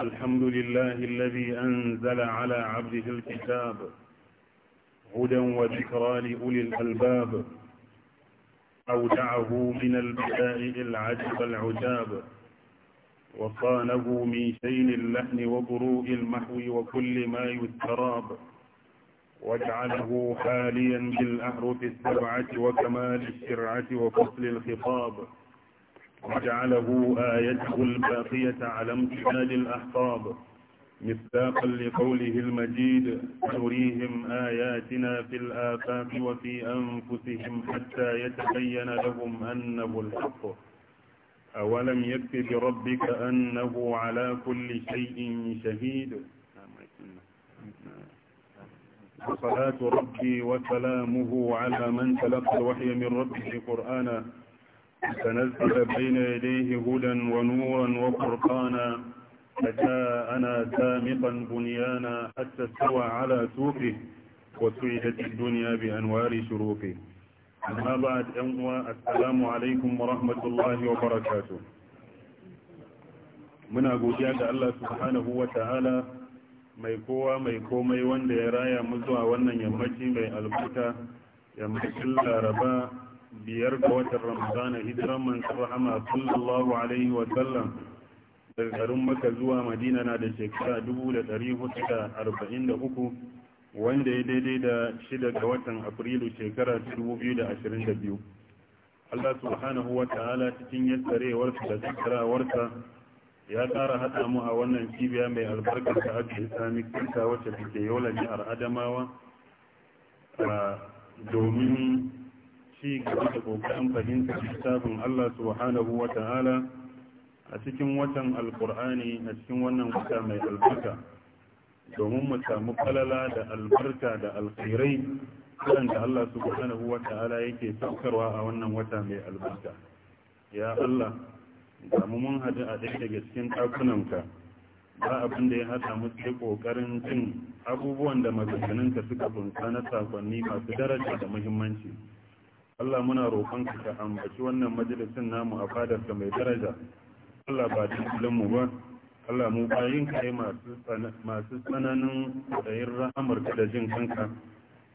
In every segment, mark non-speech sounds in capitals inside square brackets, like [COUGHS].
الحمد لله الذي أنزل على عبده الكتاب هدى وذكرى لأولي الألباب أودعه من البداء العجب العجاب وصانه من شين اللحن وبروء المحو وكل ما يتراب واجعله حاليا بالأحرف السبعة وكمال الشرعة وفصل الخطاب وجعله آيته الباقية على امتداد الأحقاب مصداقا لقوله المجيد نريهم آياتنا في الآفاق وفي أنفسهم حتى يتبين لهم أنه الحق أولم يكف بربك أنه على كل شيء شهيد وصلاة ربي وسلامه على من تلقى الوحي من ربه قرآنا لتنزل بين يديه هدى ونورا وفرقانا فجاءنا سامقا بنيانا حتى استوى على سوقه وسعدت الدنيا بأنوار شروقه أما بعد أموى السلام عليكم ورحمة الله وبركاته من godiya ga الله سبحانه وتعالى ta'ala mai kowa mai komai wanda ya raya mu zuwa wannan yammaci mai albarka yammacin biyar ga watan ramadana hijiran manzan rahama sallallahu alaihi wasallam daga garin maka zuwa madina na da shekara uku wanda ya daidai da shida ga watan afrilu shekara biyu. Allah subhanahu wa ta'ala cikin yassarewarsa da tsakarawarsa ya tsara haɗa mu a wannan cibiya mai albarkar ta ake islamic center wacce take yola jihar adamawa domin ci gaba da kokarin fahimta littafin Allah subhanahu wa ta'ala a cikin watan alkur'ani a cikin wannan wata mai albarka domin mu samu falala da albarka da alkhairai da Allah subhanahu wa ta'ala yake saukarwa a wannan wata mai albarka ya Allah ga mu mun hadu a ɗaya daga cikin ɗakunanka ba abin da ya haɗa mu sai ƙoƙarin cin abubuwan da ka suka bunkana na sakonni masu daraja da muhimmanci Allah muna roƙonka ka ambaci wannan majalisin namu a fadarka mai daraja Allah ba ta mu ba Allah mu bayin kai masu tsananin tsayin rahamarka da jin kanka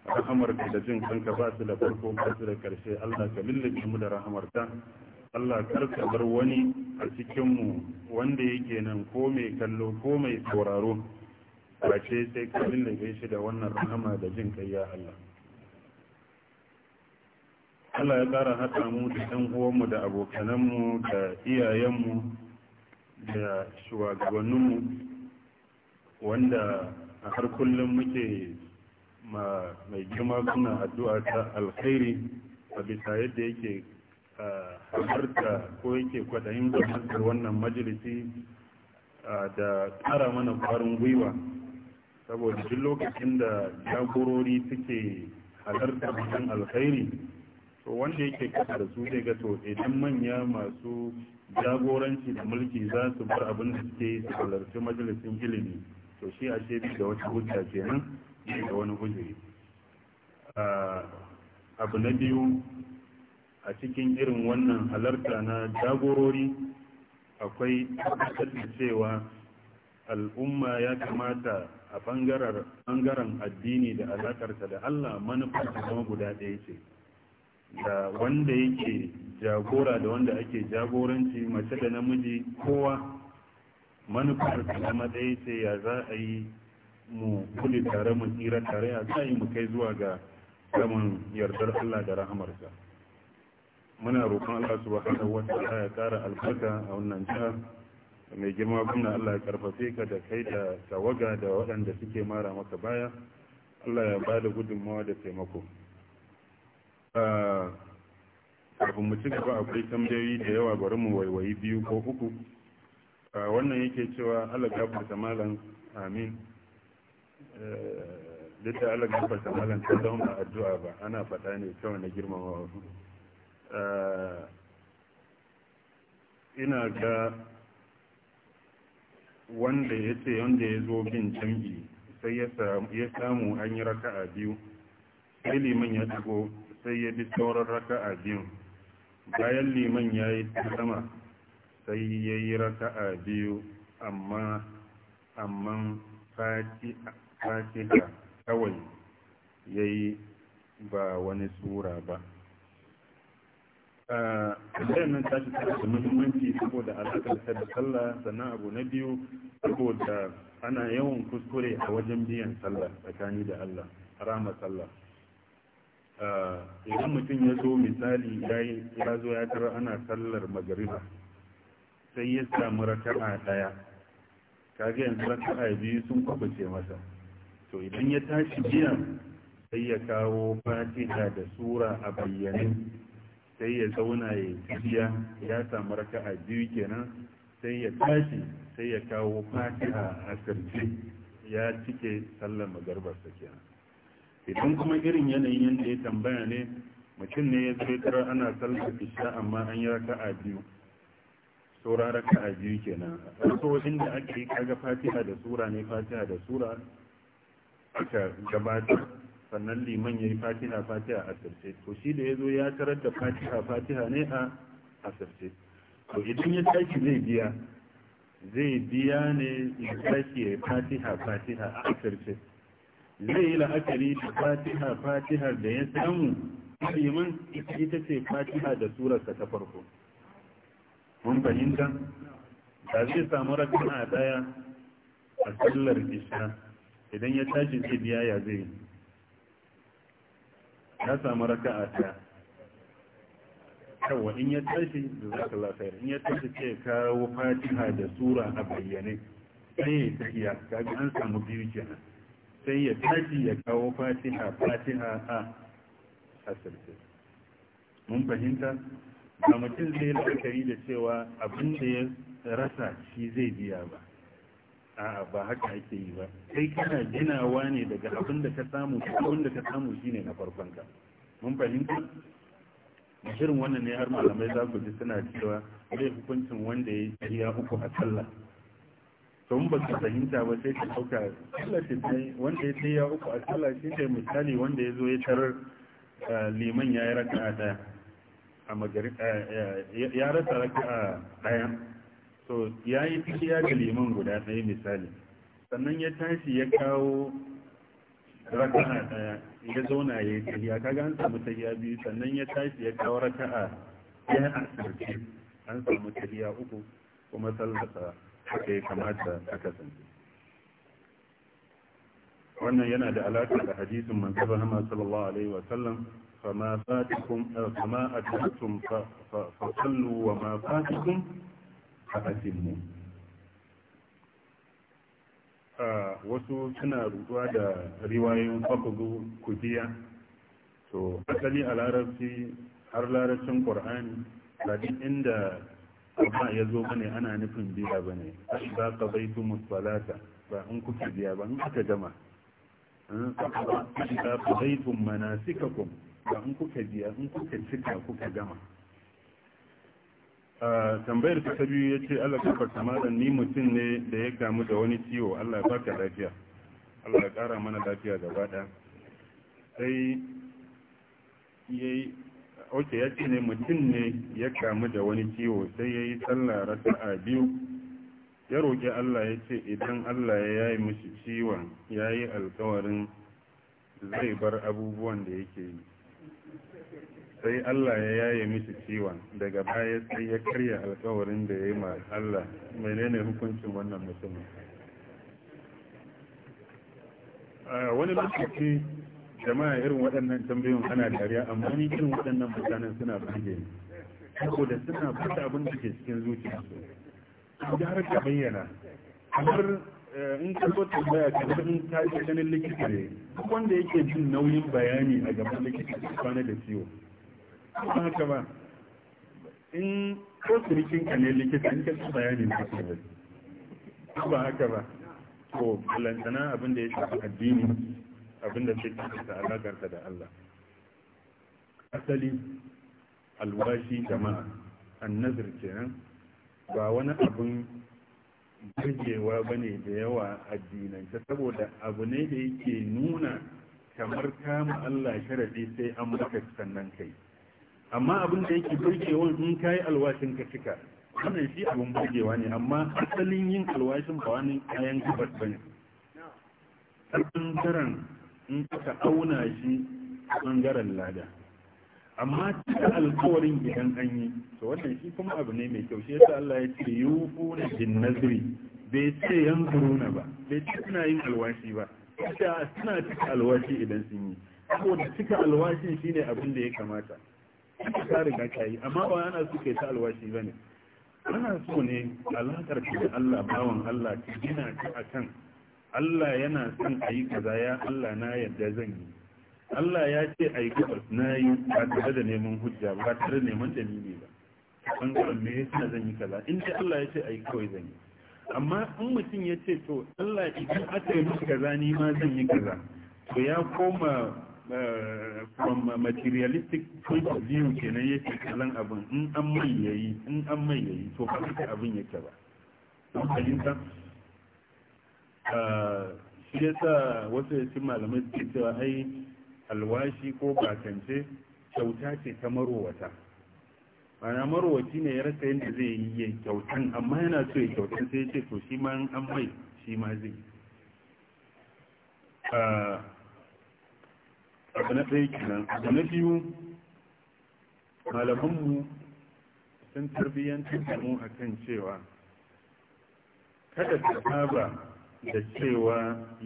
rahamarka da jin kanka ba su da farko ba su da karshe Allah ka lullube mu da rahamarta Allah karka bar wani a cikinmu wanda yake nan ko mai kallo ko mai sauraro ba ce sai ka lullube shi da wannan rahama da jin kai ya Allah Allah ya ƙara haɗa mu da ɗan uwanmu da abokananmu da iyayenmu da shugabanninmu wanda a har kullum muke mai girma kuna addu'a ta alkhairi a bisa yadda yake halarta ko yake kwaɗayin zamantar wannan majalisi da ƙara mana ƙwarin gwiwa saboda duk lokacin da jagorori suke halarta wajen alkhairi to wanda yake kasa da su zai ga to idan manya masu jagoranci da mulki za su bar abin da suke yi su halarci majalisin ilimi to shi a shebi da wata hujja kenan da wani hujjiri abu na biyu a cikin irin wannan halarta na jagorori akwai tabbatar cewa al'umma ya kamata a bangaren addini da alakarta da Allah manufar zama guda ɗaya ce da wanda yake jagora da wanda ake jagoranci mace da namiji kowa manufar ta matsayi ce ya za a yi mu kuli tare mu tsira tare ya a yi mu kai zuwa ga zaman yardar Allah da rahamarsa muna roƙon Allah subhanahu wa ta'ala ya ƙara albarka a wannan jihar mai girma gwamna Allah ya karfafe ka da kai da tawaga da waɗanda suke mara maka baya Allah ya ba da gudunmawa da taimako kafin mu ci gaba akwai tambayoyi da yawa bari mu waiwayi biyu ko uku wannan yake cewa Allah gafarta malam amin eh, da Allah gafarta malam ta zama ba addu'a ba ana faɗa ne kawai na girmamawa ina ga wanda ya ce wanda ya zo bin jam'i sai ya samu an yi raka'a biyu sai liman ya dago sai ya bi sauran raka'a biyu bayan liman ya yi sama sai ya yi raka'a biyu amma fati fatiha kawai ya yi ba wani tsura ba ah, bayan nan tashi tana da muhimmanci saboda ta da sallah sannan abu na biyu saboda ana yawan kuskure a wajen biyan sallah tsakani da allah rama sallah Eh, idan mutum ya zo misali ya zo ya tara ana sallar magariba sai ya samu raka'a daya kage yanzu raka'a biyu sun kwabace masa to idan ya tashi jiya sai ya kawo fatiha da sura a bayyane sai ya zauna ya tafiya ya samu raka'a biyu kenan sai ya tashi sai ya kawo fatiha a asirce ya cike sallar magarbarsa kenan idan kuma irin yanayin yadda ya tambaya ne mutum ne ya zaitar ana sallar isha amma an yi raka a biyu saura a biyu kenan a farko inda ake yi kaga fatiha da sura ne fatiha da sura aka gabatar sannan liman ya yi fatiha fatiha a sarce to shi da ya zo ya tarar da fatiha fatiha ne a sarce to idan ya tashi zai biya zai biya ne ya tashi ya yi fatiha fatiha a sarce zai yi la'akari da fatiha Fatiha da ya samu liman ita ce fatiha da surarsa ta farko mun fahimta da zai samu rakana a daya a sallar isha idan ya tashi zai biya ya zai ya samu raka a daya yawa in ya tashi da za ka lafayar in ya tashi ce kawo fatiha da sura a bayyane sai ya tafiya kaga an samu biyu kenan sai ya tashi ya kawo fatiha fatiha a asirce mun fahimta ba mutum zai la'akari da cewa abin da ya rasa shi zai biya ba a'a ba haka ake yi ba sai kana ginawa ne daga abin da ka samu abin da ka samu shi ne na farkon ka mun fahimta shirin wannan ne har malamai za ku ji suna cewa zai hukuncin wanda ya yi uku a sallah don ba ka fahimta ba sai ka ɗauka tallafin ne wanda ya ce ya uku a tsallashin ne misali wanda ya zo ya tarar eh, liman ya yi raka a ɗaya a magari eh, ya rasa raka a ɗaya so ya yi tafiya da liman guda ɗaya misali sannan ya tashi ya kawo raka a ɗaya ya zauna ya yi tafiya kaga an samu tafiya biyu sannan ya tashi ya kawo raka a ɗaya a sarki an samu tafiya uku kuma sallarsa haka ya kamata a kasance wannan yana da alaƙa da hadisin manzaba na sallallahu alaihi wasallam fama fatikum fama atakum fa sallu wa ma fatikum fa atimmu wasu suna rubuwa da riwayoyin fakudu kudiya to asali a larabci har larabcin qur'ani ladin inda amma ya zo bane ana nufin biya bane ai ba ka bai tu musalata ba in kuka biya ba in kuka gama ba ka bai tu manasikakum ba in kuka biya in kuka cika kuka gama tambayar ta biyu ya ce Allah farta malam ni mutum ne da ya kamu da wani ciwo Allah ya baka lafiya Allah ya kara mana lafiya gaba ɗaya sai yayi oke ya ce ne mutum ne ya kamu da wani ciwo sai ya yi sallah a biyu ya roƙi Allah ya ce idan Allah ya yayi mishi ciwon ya yi alkawarin zai bar abubuwan da yake yi sai Allah ya yaye mishi ciwon daga baya sai ya karya alkawarin da ya yi ma Allah menene hukuncin wannan mutumin ah, wani lokaci jama'a irin waɗannan tambayoyin ana dariya amma ni irin waɗannan mutanen suna burge ne saboda suna fata abin da ke cikin zuciyarsu da har ka bayyana kamar eh, in ka zo tambaya zo in ka yi ganin likita ne duk wanda yake jin nauyin bayani a gaban likita kwana da ciwo ba haka ba in ko sirikin ka ne likita in ka ci bayani na ba haka ba to lantana abin da ya shafi addini abinda ke kisa alaƙarka da Allah asali alwashi jama'a annazir kenan ba wani abin burgewa ba ne da yawa ta saboda abu ne da yake nuna kamar kama Allah sharadi sai an baka sannan kai amma abin da yake burgewa in yi alwashin ka cika wannan shi abin burgewa ne amma asalin yin alwashin ba wani kayan gabas ba ne ƙarfin in aka auna shi a ɓangaren lada amma cika alkawarin idan an yi to wannan shi kuma abu ne mai kyau shi yasa Allah ya ce yufu na bin nazari bai ce yanzuruna ba bai ce suna yin alwashi ba ita suna cika alwashi idan sun yi saboda cika alwashin shine abin da ya kamata ta riga ka yi amma ba ana so kai ta alwashi ba ne. ana so ne alakar da Allah bawan Allah ta gina ta kan. Allah yana son a yi kaza ya Allah na yadda zan yi Allah ya ce a yi gabas na yi ba tare da neman hujja ba tare da neman dalili ba ɓangaren me yasa zan yi kaza in ce Allah ya ce a yi kawai zan yi amma in mutum ya ce to Allah idan aka yi maka kaza ni ma zan yi kaza to ya koma eh, from a materialistic point of view kenan yake kallon abin in an mai yayi in an mai yayi to ba haka abin yake ba shi ya sa wasu yasin malamai suke cewa ai alwashi ko bakance kyauta ce ta marowata mana marowaci ne ya rasa yadda zai yi ya kyautan amma yana so ya kyauta sai ya ce to shi ma an mai shi ma zai ah, abu na ɗaya kenan abu na biyu malamanmu sun tarbiyyantar da mu akan cewa kada ka saba da cewa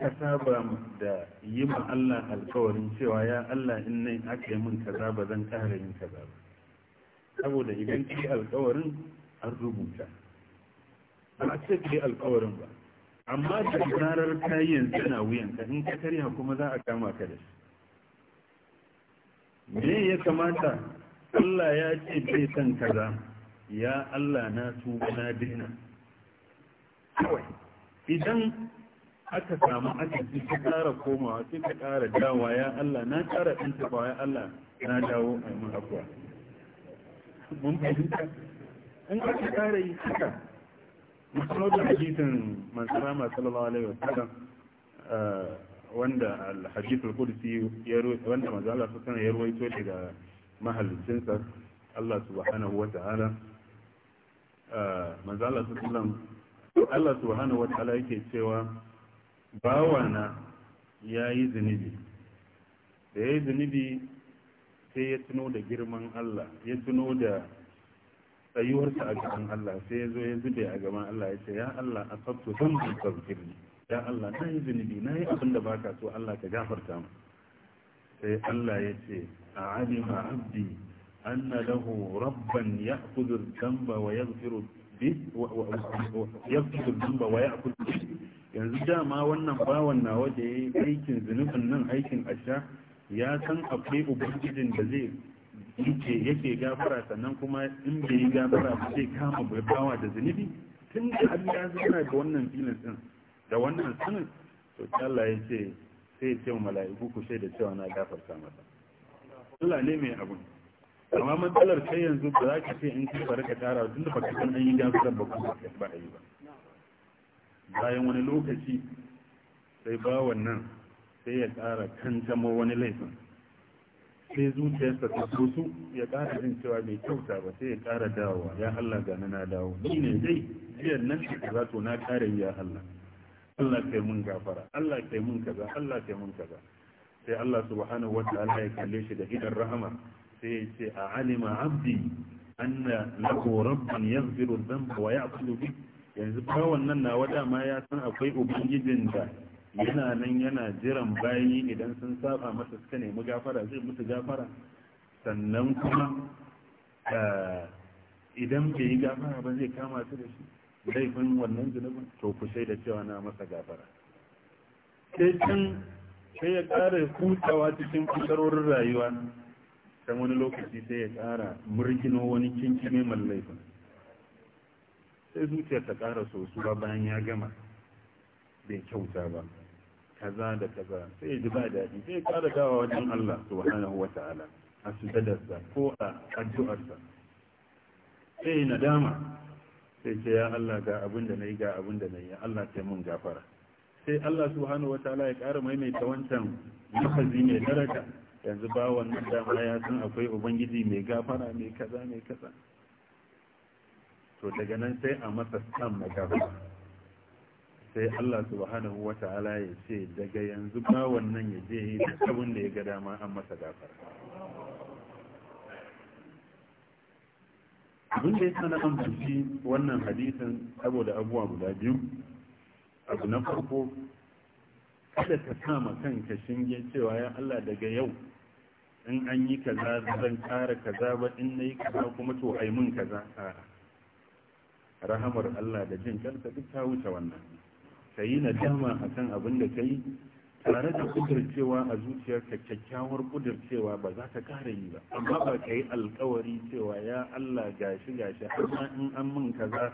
ka saba da yi ma Allah alkawarin cewa ya Allah in nai aka yi min kaza ba zan kare yin kaza ba saboda idan ki alkawarin an rubuta ba ce ki alkawarin ba amma da zarar ka yanzu na wuyanka in ka karya kuma za a kama ka da shi me ya kamata Allah ya ce bai san kaza ya Allah na tuba na dina kawai idan aka samu arziki ta ƙara komawa sai ka ƙara dawa ya Allah na ƙara ɗan taɓa ya Allah na dawo a mun abuwa mun fahimta in aka ƙara yi haka masu da hadisin mansara masu lalawa alaihi wasallam eh, wanda al al-qudsi ya wanda manzo Allah sallallahu ya ruwaito daga mahallin Allah subhanahu wa ta'ala eh, manzo Allah sallallahu Allah subhanahu ta'ala yake cewa bawana ya yi zunubi da ya yi zunubi sai ya tuno da girman Allah ya tuno da tsayuwarsa a gaban Allah sai ya zo ya zube a gaban Allah ya ce ya Allah a sabtu zan bi tsarkirni ya Allah na yi zunubi na yi abin da baka so Allah ka gafarta mu sai Allah ya ce a alima abdi na lahu rabban kudur damba wa yaghfiru yafki zulumba wa yanzu dama wannan bawan nawa da ya yi aikin zunubin nan aikin asha ya san akwai ubangijin da zai yake yake gafara sannan kuma in bai yi gafara ba zai kama bai bawa da zunubi tun da Allah ya zana da wannan filin din da wannan sanin to Allah ya ce sai ya ce mala'iku ku shaida cewa na gafarta masa Allah ne mai abun amma matsalar kai yanzu ba za ka ce in kai ba ka tara tun da baka an yi gasu-gasu ba kuma ba a yi ba bayan wani lokaci sai ba wannan sai ya kan kankamo wani laifin sai zuciyarsa ta su ya kara jin cewa mai kyauta ba sai ya kara dawowa ya Allah gane na dawo ni ne dai jiyan nan ka za to na kare ya Allah Allah kai mun gafara Allah kai mun kaza Allah kai mun kaza sai Allah subhanahu wa ta'ala ya kalle shi da hidar rahama sai ya ce a alima abdi an na lako rabban yaghfiru dhanba wa ya'khudhu bi yanzu wannan na nawa ma ya san akwai ubangijin da yana nan yana jiran bayi idan sun saba masa suka nemi gafara zai mutu gafara sannan kuma eh, idan bai yi gafara ba zai kama su da shi laifin wannan zunubin to ku da cewa na masa gafara sai sai ya ƙara hutawa cikin kusurorin rayuwa sai wani lokaci sai ya ƙara murgino wani kinkime laifin. sai zuciyar ta ƙara sosuwa bayan ya gama bai kyauta ba kaza da kaza sai ya ji ba daɗi sai ya ƙara dawa wajen Allah subhanahu wa ta'ala a sujadarsa ko a addu'arsa sai ya nadama sai ce ya Allah ga abin da nayi ga abin da nayi Allah sai mun gafara sai Allah subhanahu wa ta'ala ya ƙara maimaita wancan lafazi mai daraja yanzu ba wannan dama ya san akwai ubangiji mai gafara mai kaza mai kaza to daga nan sai a masa san magana sai Allah subhanahu wa ta'ala ya ce daga yanzu ba wannan ya je yi abin da ya ga dama an masa gafara abin da ya sana amfashi wannan hadisin saboda abuwa guda biyu abu na farko kada ka ma kanka shinge cewa ya Allah daga yau in an yi kaza zan ƙara kaza ba in na yi kaza kuma to ai mun kaza a rahamar Allah da jin kanta duk ta wuce wannan ka yi a akan abin da ka yi tare da kudircewa a zuciyar ka kyakkyawar kudircewa ba za ka kare yi ba amma ba ka yi alkawari cewa ya Allah gashi gashi amma in an min kaza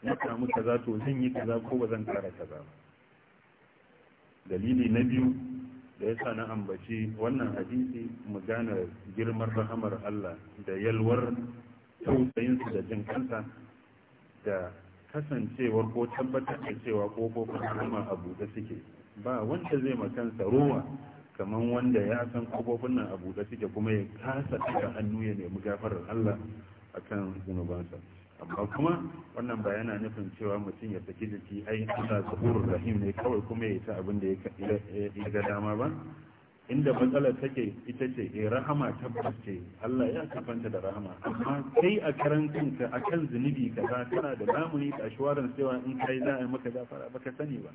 na samu kaza to zan yi kaza ko ba zan kara kaza ba dalili na biyu da ya sa na ambaci wannan hadisi mu gane girman rahamar Allah da yalwar tausayinsu da jin kansa da kasancewar ko tabbatar da cewa ƙofofin rahama a buɗe suke ba wanda zai makansa ruwa kamar wanda ya san kofofin nan a buɗe suke kuma ya kasa daga hannu ya nemi gafarar Allah akan zunubansa amma kuma wannan ba yana nufin cewa mutum ya saki jiki ai ina zuhur rahim ne kawai kuma ya ta abin da ya ga dama ba inda matsalar take ita ce eh rahama tabbas ce Allah ya kafanta da rahama amma kai a karan kanka akan zunubi kaza kana da namuni da shawaran cewa in kai za a maka gafara baka sani ba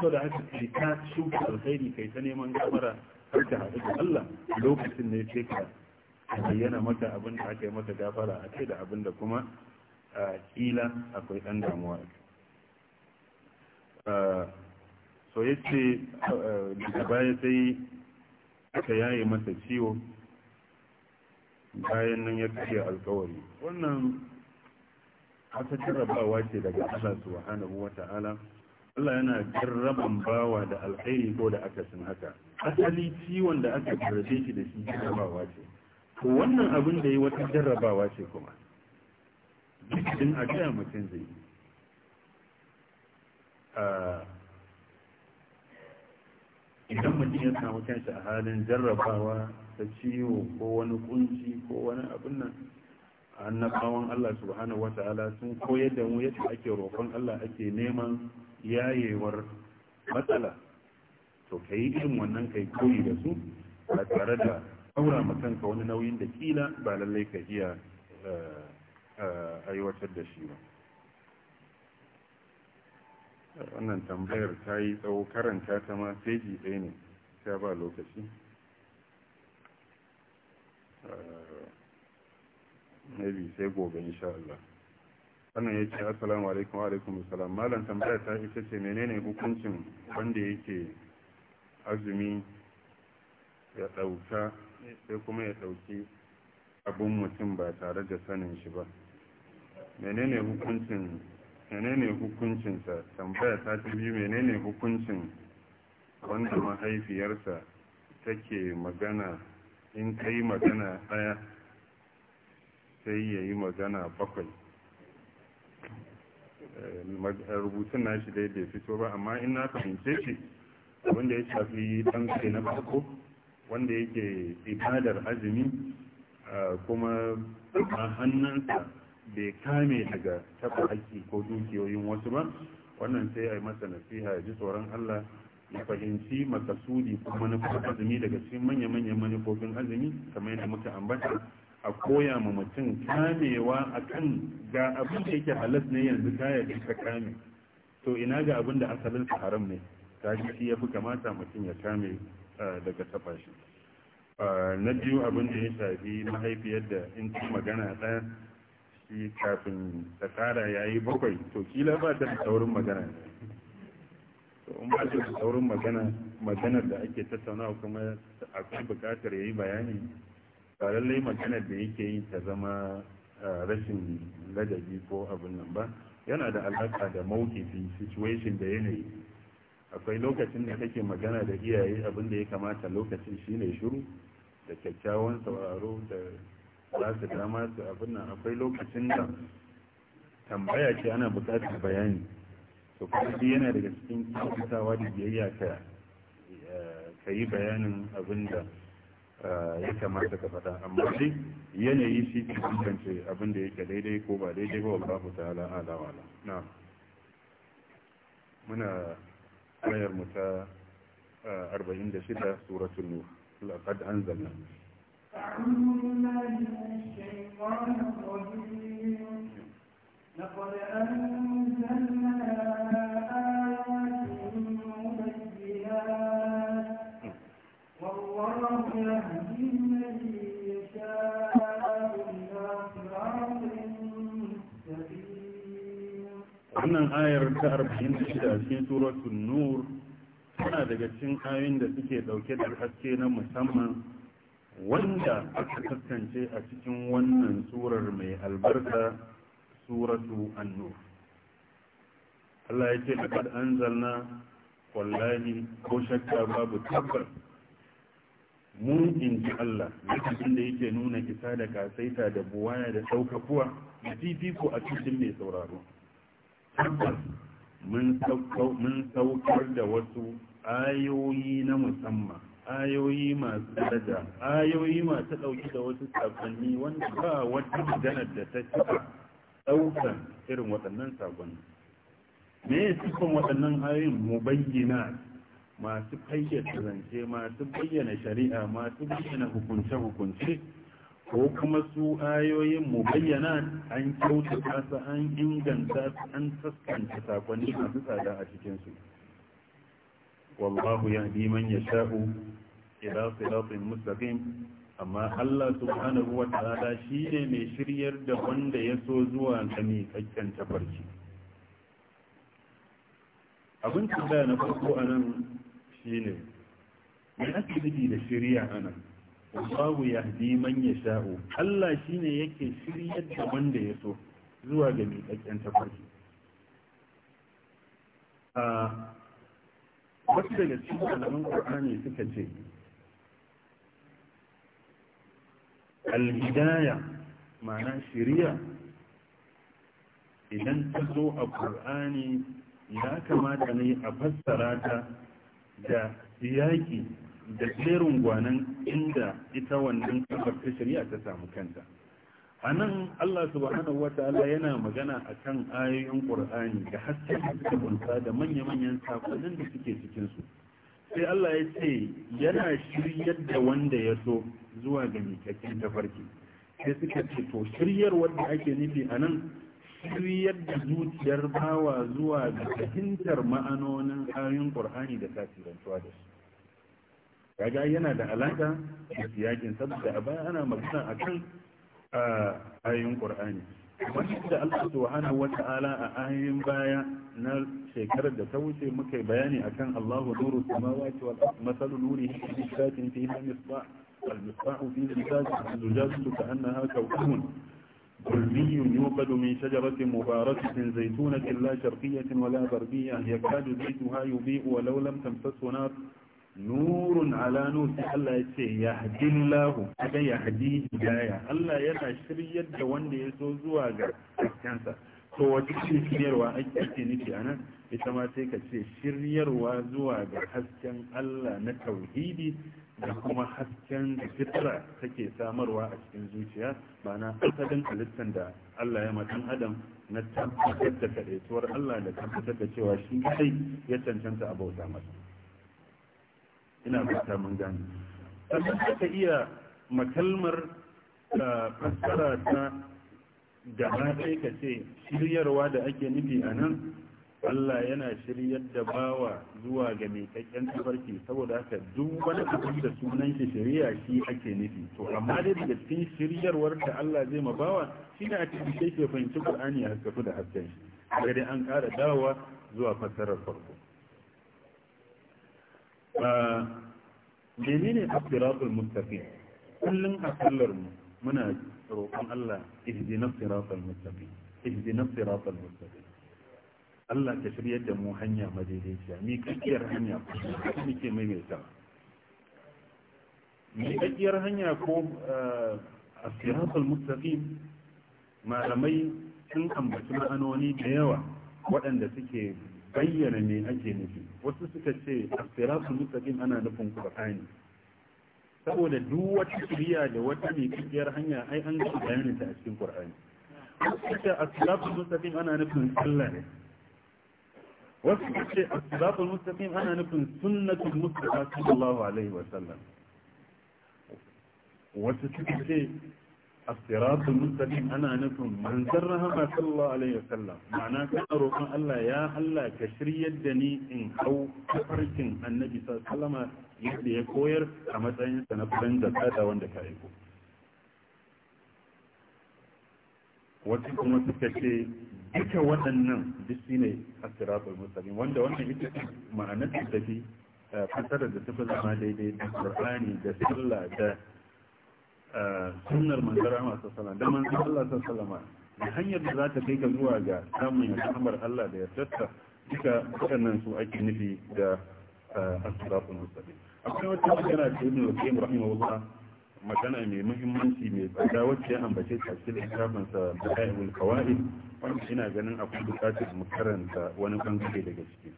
to da haka kai ka shuka alkhairi kai ta neman gafara har ta haɗu da Allah lokacin ne ce ka bayyana maka abin da aka yi maka gafara a kai da abin da kuma A kila akwai ɗan damuwa so ya ce daga baya sai aka yaye masa ciwo bayan nan ya kashe alkawari wannan wata jarrabawa ce daga Allah subhanahu wa ta'ala Allah yana jarraban bawa da alkhairi ko da aka akasin haka asali ciwon da aka jarrabe shi da shi jarrabawa ce to wannan abin da yi wata jarrabawa ce kuma cikin addu'a mutum zai yi. idan mutum ya samu kanshi a halin jarrabawa ta ciwo ko wani kunci ko wani abin nan kawon Allah subhanahu ta'ala sun koyar da mu yadda ake roƙon Allah ake neman yayewar matsala to ka yi irin wannan kai koyi da su ba tare da mutum makanka wani nauyin da kila ba lallai ka iya eh, aiwatar da shi ba wannan tambayar ta yi tsawo karanta ta ma feji ɗaya ne ta ba lokaci eh, maybe sai gobe insha Allah wannan yake assalamu alaikum wa alaikum assalam malam tambayar ta ita ce menene hukuncin wanda yake azumi ya ɗauka sai kuma ya ɗauki abin mutum ba tare da sanin shi ba menene hukuncin menene hukuncinsa tambaya ta ta biyu menene hukuncin wanda mahaifiyarsa take magana in ta yi magana ɗaya sai ya yi magana bakwai eh, eh, rubutun nashi dai bai fito ba amma in na fahimce shi wanda ya shafi ɗan kai na farko wanda yake ibadar azumi eh, kuma a hannunsa bai kame daga taɓa haƙƙi ko dukiyoyin wasu ba wannan sai a yi masa nasiha ya ji tsoron Allah ya fahimci makasudi ko manufar azumi daga cikin manya-manyan manufofin azumi kamar yadda muka ambata a koya ma mutum kamewa akan ga abin da yake halas ne yanzu kaya da ka kame to ina ga abin da asalin haram ne ta shi ya fi kamata mutum ya kame eh, daga taɓa shi ah, na biyu abin da ya shafi mahaifiyar da in ci magana ɗaya shi kafin ta kara ya yi bakwai to kila ba ta da saurin magana to in ba ta da saurin magana maganar da ake tattaunawa kuma akwai bukatar ya yi bayani ba lallai maganar da yake yi ta zama rashin ladabi ko abin nan ba yana da alaƙa da mawkifi situation da yanayi akwai lokacin da kake magana da iyaye abin da ya kamata lokacin shine shiru da kyakkyawan sauraro da za su dama su abin nan akwai lokacin da tambaya ce ana bukatar bayani to kuma yana daga cikin kyautatawa da biyayya ka ka yi bayanin abin da eh, ya kamata ka faɗa amma shi yanayi shi ke kankance abin da yake daidai ko ba daidai ba ta ta'ala ala wala na muna ayar mu ta 46 eh, suratul nur laqad anzalna أعوذ wannan ayar ta arba'in da shida cikin suratul nur tana daga cikin ayoyin da suke dauke da haske na musamman wanda aka kasance a cikin wannan surar mai albarka suratu annur Allah ya ce an zalna kwallani ko shakka babu tabbas Mun in ji Allah lokacin da yake nuna isa da kasaita da buwaya da saukakuwa da fifiko a cikin mai sauraro tabbas mun saukar da wasu ayoyi na musamman ayoyi masu daraja ayoyi masu ɗauki da wasu sakonni wanda ba wata maganar da ta cika ɗaukan irin waɗannan sakonni me ya cikin waɗannan ayoyin mu bayyana masu fayyace zance masu bayyana shari'a masu bayyana hukunce-hukunce ko kuma su ayoyin mu bayyana an kyautata su an inganta su an saskanta sakonni masu tsada a cikinsu wallahu yahdi man yasha'u ila siratin mustaqim amma Allah subhanahu wa ta'ala shine mai shiryar da wanda ya so zuwa ga miƙaƙƙen tafarki abin da na farko a anan shine mai ake nufi da shirya anan wallahu yahdi man sha'o Allah shine yake shiryar da wanda ya so zuwa ga miƙaƙƙen tafarki ah, wasu daga cikin malaman qur'ani suka ce Alhidaya, hidaya ma'ana shiriya idan ta zo a qur'ani ya kamata ne a fassara ta da yaƙi da tserin gwanan inda ita wannan ƙafar ta shari'a ta samu kanta a nan Allah subhanahu wa ta'ala yana magana a kan ayoyin ƙur'ani da hasken da suka da manya-manyan sakonin da suke cikinsu sai Allah ya ce yana shiryar da wanda ya so zuwa ga mikakken tafarki sai suka ce to shiryar wanda ake nufi a nan shiryar da zuciyar bawa zuwa ga fahimtar ma'anonin ayoyin ƙur'ani da tasirantuwa da su kaga yana da alaka da siyakin saboda a baya ana magana akan ayin ayoyin ƙur'ani wani da Allah subhanahu wa ta'ala a ayin baya na shekarar da ta wuce muka bayani akan Allahu nuru samawati wal ard masalu nurihi kamishatin fiha misbah المصباح في زجاج زجاجة كأنها كوكب بلي يوقد من شجرة مباركة زيتونة لا شرقية ولا غربية يكاد زيتها يضيء ولو لم تمسسه نار nurun ala sai Allah ya ce yahdillahu ya yahdi hidaya Allah yana shiryar da wanda ya zo zuwa ga kansa to wata ce shiryarwa ake nufi a nan ita ma sai ka ce shiryarwa zuwa ga hasken Allah na tauhidi da kuma hasken da fitra take samarwa a cikin zuciya ba na asalin halittar da Allah ya matan adam na tabbatar da kaɗaituwar Allah da tabbatar da cewa shi kai ya cancanta a bauta masa ina fata mun gani sannan aka iya makalmar ah, fassara ta gaba ɗaya ka ce shiryarwa da ake nufi a nan Allah yana shiryar da bawa zuwa ga mai kakken tafarki saboda haka duk wani abin da sunan shi shirya shi ake nufi to amma dai daga cikin shiryarwar da Allah zai ma bawa shi ne a cikin shi ke fahimci Qur'ani ya haskafu da hasken shi dai an ƙara dawowa zuwa fassarar farko menene asiratul mustaqim kullum a sallar mu muna roƙon Allah ihdina siratal mustaqim ihdina siratal mustaqim Allah ta shirya da mu hanya madaidaiciya ni kakkiyar hanya ko mai maimaita ni kakkiyar hanya ko asiratul mustaqim malamai sun ambaci ma'anoni da yawa waɗanda suke bayyana ne ake nufi wasu suka ce a asiratul mustaqim ana nufin qur'ani saboda duk wata shiriya da wata mai kiyar hanya ai an ga bayanin ta a cikin qur'ani wasu suka ce asiratul mustaqim ana nufin sallah ne wasu ce a asiratul mustaqim ana nufin sunnatul mustafa sallallahu alaihi wa sallam wasu suka ce الصراط المستقيم أنا نفهم من سرها ما صلى الله عليه وسلم معناه كان روحا الله يا الله كشري يدني إن أو كفرك النبي صلى الله عليه وسلم يدي يكوير كما تأين سنفلن زكاة وندك أيكو وتكم وتكشي بك وانا بسيني الصراط المستقيم وانده وانده يتكي معنى تكي آه، فسرد تفضل ما ديدي القرآن ده سلا ده sunnar manzara masu sana da manzan Allah sun salama da hanyar da za ta kai ka zuwa ga samun yadda Allah da yardarsa duka waɗannan su ake nufi da asirafin musulmi akwai wata magana ta ibn al-qayyim wata magana mai muhimmanci mai tsada wacce ya ambace ta cikin littafin sa Badaihul Qawaid wanda ina ganin akwai bukatar mu karanta wani bangare daga ciki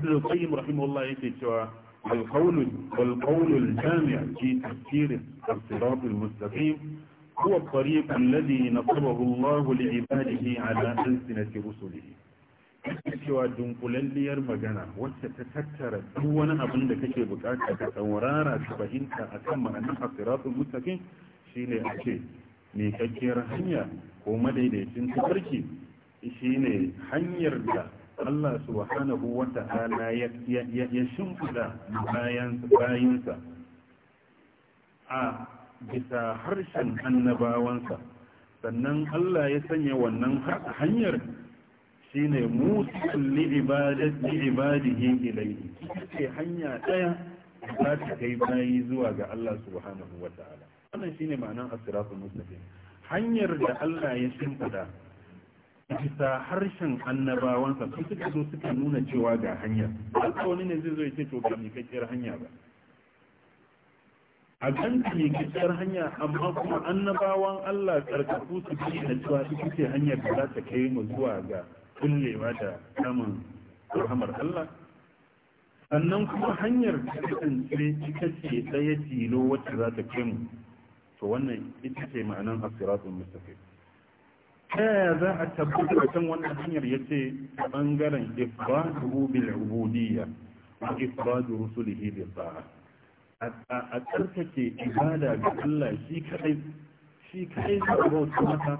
Ibn al-Qayyim rahimahullah yake cewa والقول والقول الجامع في تفسير الصراط المستقيم هو الطريق الذي نصبه الله لعباده على ألسنة رسله cewa dunkulalliyar magana wacce ta tattara duk wani abin da kake bukata ka saurara ka fahimta akan ma'anar asiratul shi shine a ce me kakkiyar hanya ko madaidaicin tafarki shine hanyar da Allah subhanahu wa ta'ala ya shimfida bayansa a bisa harshen annabawansa sannan Allah ya sanya wannan hanyar shine musul li ibadihi ilayhi ce hanya daya za ta kai bayi zuwa ga Allah subhanahu wa ta'ala wannan shine ma'anar as-siratul mustaqim hanyar da Allah ya shimfida bisa harshen annabawansa sun suka zo suka nuna cewa ga hanya haka wani ne zai zo ya ce to ba miƙaƙƙiyar hanya ba a kan miƙaƙƙiyar hanya amma kuma annabawan Allah tsarkaku su bi da cewa su ce hanyar da za ta kai mu zuwa ga kullewa da samun rahamar Allah sannan kuma hanyar da kasance ita ce ɗaya tilo wacce za ta kai mu to wannan ita ce ma'anan asiratun mustaqim ta yaya za a tabbatar kan wannan hanyar ya ce ɓangaren ifradu bil ubudiyya wa ifradu rusulihi bil sa'a a tsarkake ibada ga Allah shi kaɗai shi kadai za bauta masa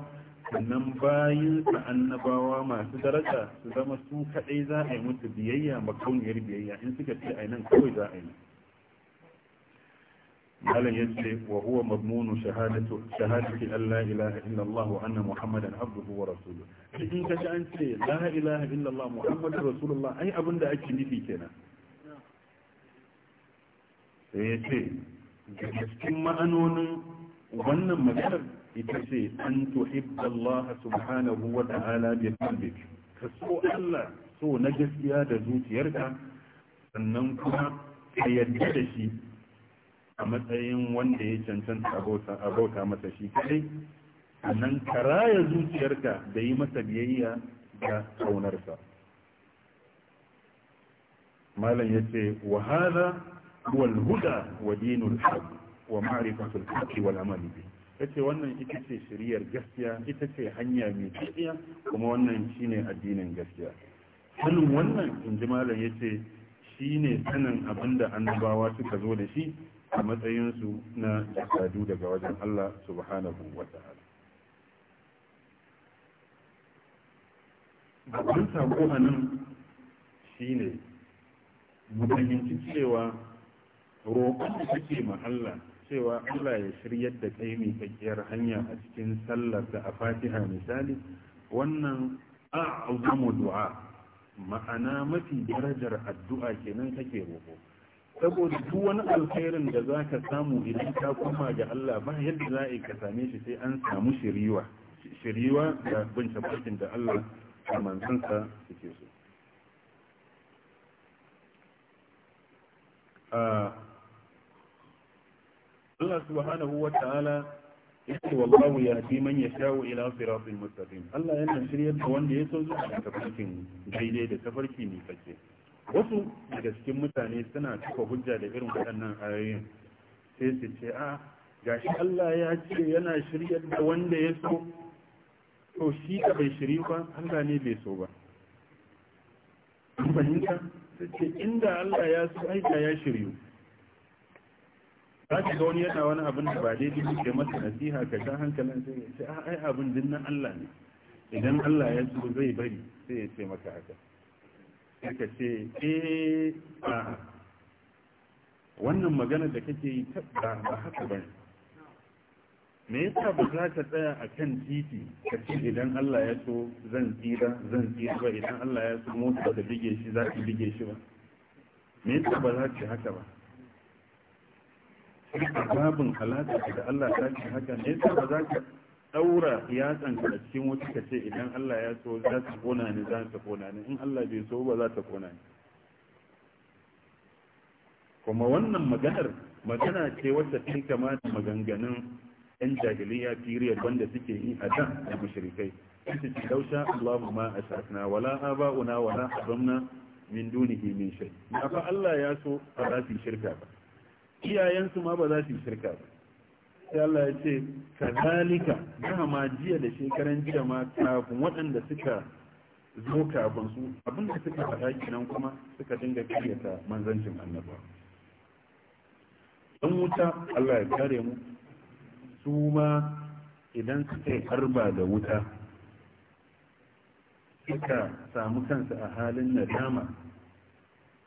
sannan bayin sa annabawa masu daraja su zama su kadai za a yi mutu biyayya makauniyar biyayya in suka ce a nan kawai za a yi malam ce wa huwa madmunu shahadatu shahadati an la ilaha illa Allah wa anna muhammadan abduhu wa rasuluhu idan kaji an ce la ilaha illa Allah muhammadur rasulullah ai da ake nufi kenan sai ya yace cikin ma'anonin wannan maganar ita ce an tuhibba Allah subhanahu wa ta'ala bi qalbik ka so Allah so na gaskiya da zuciyarka sannan kuma ka yadda da shi a matsayin wanda ya cancanta a bauta masa shi kadai sannan ya zuciyarka da yi masa biyayya ga kaunarsa malam ya ce wa hada wal huda wa dinul haq wa ma'rifatul haqq wal amal bi yace wannan ita ce shiriyar gaskiya ita ce hanya mai gaskiya kuma wannan shine addinin gaskiya sanin wannan inji malam yace shine sanin abinda annabawa suka zo da shi a matsayinsu na jakadu daga wajen Allah subhanahu wa ta'ala babban sako a nan shine mu fahimci cewa roƙon da kake ma Allah cewa Allah ya shiryar da kai mai kakkiyar hanya a cikin sallar da a fatiha misali wannan a'azamu du'a ma'ana mafi darajar addu'a kenan kake roƙo saboda duk wani alkhairin da za ka samu idan ka koma ga Allah ba yadda za a ka same shi sai an samu shiriwa shiriwa da bin tafarkin da Allah a su suke so Allah subhanahu wa ta'ala yake wallahu ya fi man shawo ila siratin mustaqim Allah yana shiryar da wanda ya so zuwa tafarkin daidai da tafarki mai kake wasu daga cikin mutane suna cika hujja da irin waɗannan ayoyin sai su ce a ga shi Allah ya ce yana shiryar da wanda ya so to shi da bai shiri ba Allah ne bai so ba fahimta su ce inda Allah ya so aika ya shiryu za ga wani yana wani abin da ba daidai ke masa nasiha ga ta hankalin sai ya ce a ai abin dinnan Allah ne idan Allah ya so zai bari sai ya ce maka haka sai ka ce eh wannan magana da kake yi ba haka ba me yasa ba za ka tsaya a kan titi ka ce idan Allah ya so zan tsira zan tsira ba idan Allah ya so mota da bige shi za ki bige shi ba me yasa ba za ki haka ba babin halatta da Allah ta ce haka me yasa ba za ka daura ya ka cikin wata kace idan Allah ya so za ta kona ni za ta kona ni in Allah bai so ba za ta kona ni kuma wannan maganar magana ce wacce take kama da maganganun yan jahiliya period wanda suke yi a da da mushrikai su ce lausha Allahu ma asatna wala aba'una wala haramna min dunihi min shay fa Allah ya so ba za su shirka ba iyayensu ma ba za su shirka ba sai Allah ya ce kadalika dama jiya da shekaran jiya ma kafin waɗanda suka zo kafin su abinda suka faɗa kenan kuma suka dinga kiyata manzancin annaba dan wuta Allah ya kare mu su ma idan suka harba da wuta suka samu kansu a halin nadama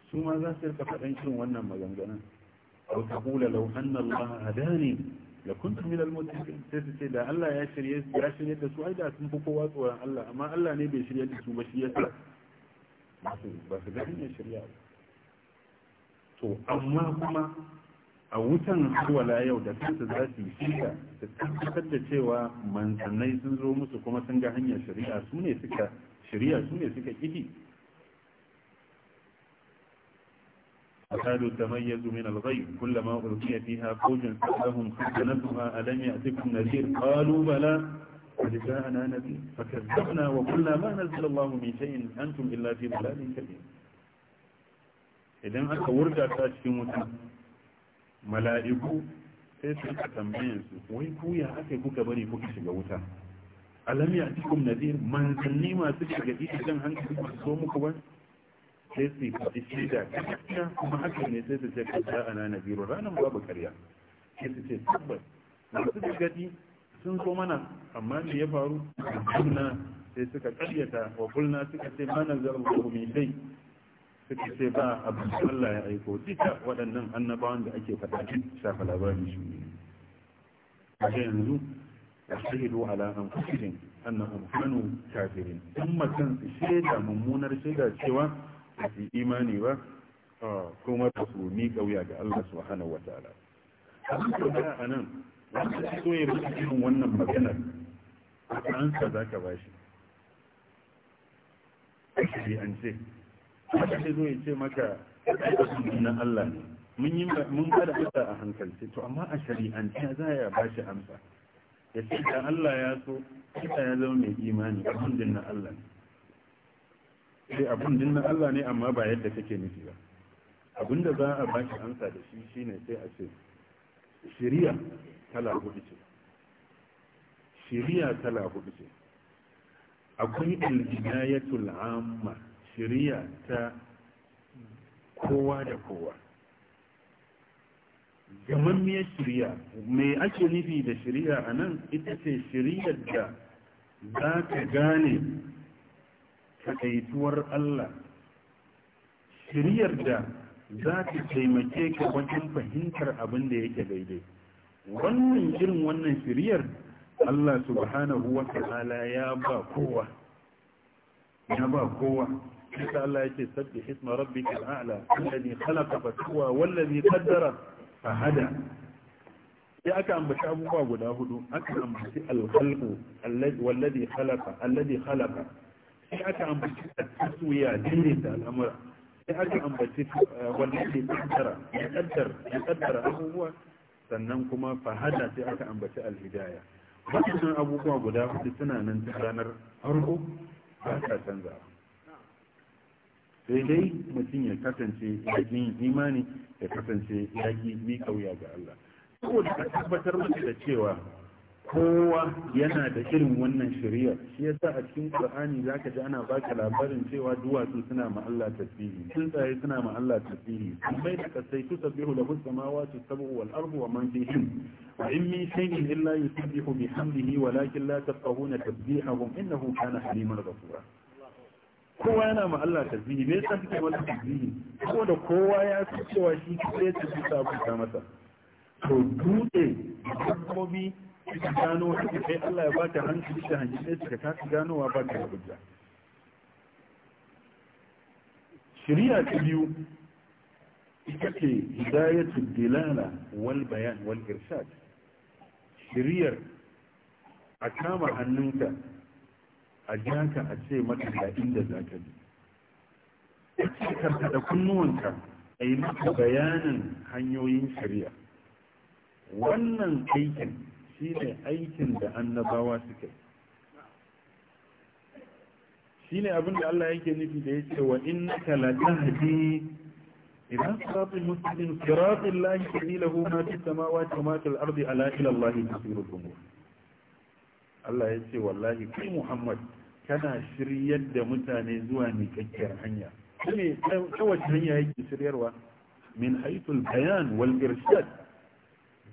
su ma za su yi faɗan wannan maganganun أو تقول لو أن الله هداني la kuntu min al-muttaqin sai su ce da Allah ya shirye ya shirye da su ai da sun fi kowa tsoron Allah amma Allah ne bai shirye da su ba shi masu ba su ga hanyar shirya ba to amma kuma a wutan hawala yau da kansu za su yi shirya da tabbatar da cewa manzannai sun zo musu kuma sun ga hanyar shari'a su ne suka shari'a su ne suka kidi فقالوا تميزوا من الغيب كلما ألقي فيها فوج لهم خزنتها ألم يأتكم نذير قالوا بلى قد نذير فكذبنا وقلنا ما نزل الله من شيء أنتم إلا في ضلال كبير idan aka wurga ta cikin wuta mala'iku sai su ka tambayin su wai ku ya aka kuka bari kuka shiga wuta alam ya cikin nadir manzanni masu shiga ita jan hankali masu so muku ba. sai su yi faɗi shaida ta kuma hakan ne sai su ce da ana na biro ranar babu karya sai su ce tabbas masu gargadi sun zo mana amma me ya faru kuna sai suka karyata wa kulna suka ce mana zarar ko mai dai suka ce ba abin Allah ya aiko duka waɗannan annabawan da ake faɗa shafa labarin shi ne a yanzu shahidu ala anfusihim annahum kanu kafirin kuma kan su shaida mummunar shaida cewa ba su imani ba kuma ba su miƙa wuya ga Allah subhanahu wataala abin da a nan wanda so ya rubuta irin wannan maganar a kansa za ka ba shi shi an ce haka sai zo ya ce maka aikatun na Allah ne mun ba da fita a hankali, to amma a shari'ance za ya ba shi amsa ya ce da Allah ya so kita ya zama mai imani a abin na Allah ne sai abun din na Allah ne amma ba yadda kake nufi ba abin da za a baki amsa da shi shine sai a ce shiriya tala hudu ce shiriya tala hudu ce akwai al amma shiriya ta kowa da kowa miya shiriya me ake nufi da shiriya a nan ita ce shiriyar da za ka gane takaituwar Allah shiryar da za ta taimake ka wajen fahimtar abin da yake daidai wannan irin wannan shiryar Allah subhanahu wa ta'ala ya ba kowa ya ba kowa kisa Allah yake sabbi hisma rabbika al'ala alladhi khalaqa fa sawwa wallazi qaddara fa hada sai aka ambaci abubuwa guda hudu aka ambaci al-khalqu alladhi wallazi khalaqa alladhi khalaqa sai aka ambaci taswiya da al'amura sai aka ambaci eh, wanda ke kaddara ya kaddara abubuwa sannan kuma fahada sai aka ambaci alhidaya waɗannan abubuwa guda hudu suna nan ta ranar farko ba ta canza sai dai mutum ya kasance yaƙi imani ya kasance yaƙi mi wuya ga Allah saboda a tabbatar maka da cewa kowa yana da irin wannan shari'a shi yasa a cikin qur'ani zaka ji ana baka labarin cewa duwatsu suna ma Allah tasbihi tsuntsaye suna ma Allah tasbihi amma da kasai tusabbihu lahu samawati sab'u wal ardu wa man fihin wa in min shay'in illa yusabbihu bihamdihi walakin la tafqahuna tasbihahum innahu kana haliman ghafura kowa yana ma Allah tasbihi me yasa kike wani tasbihi saboda kowa ya san cewa shi kadai ya tabbata masa to dutse dabbobi suka gano suka kai Allah ya bata hankali da hankali suka kasa ganowa ba ta hujja shari'a ta biyu ita ce hidayatul dilala wal bayan wal irshad shiryar a kama hannunka a jaka a ce mata da inda za ka bi karkada kunnuwanka a yi maka bayanin hanyoyin shari'a wannan aikin shi ne aikin da annabawa suka yi shi ne abin da Allah yake nufi da ya ce wa innaka la tahdi Idan siratin mustaqim siratin lahi alladhi lahu ma fis samawati wa ma fil ardi ala ila Allah Allah ya ce wallahi kai Muhammad kana shiryar da mutane zuwa miƙaƙƙiyar hanya kuma ta wace hanya yake shiryarwa min haythul bayan wal irshad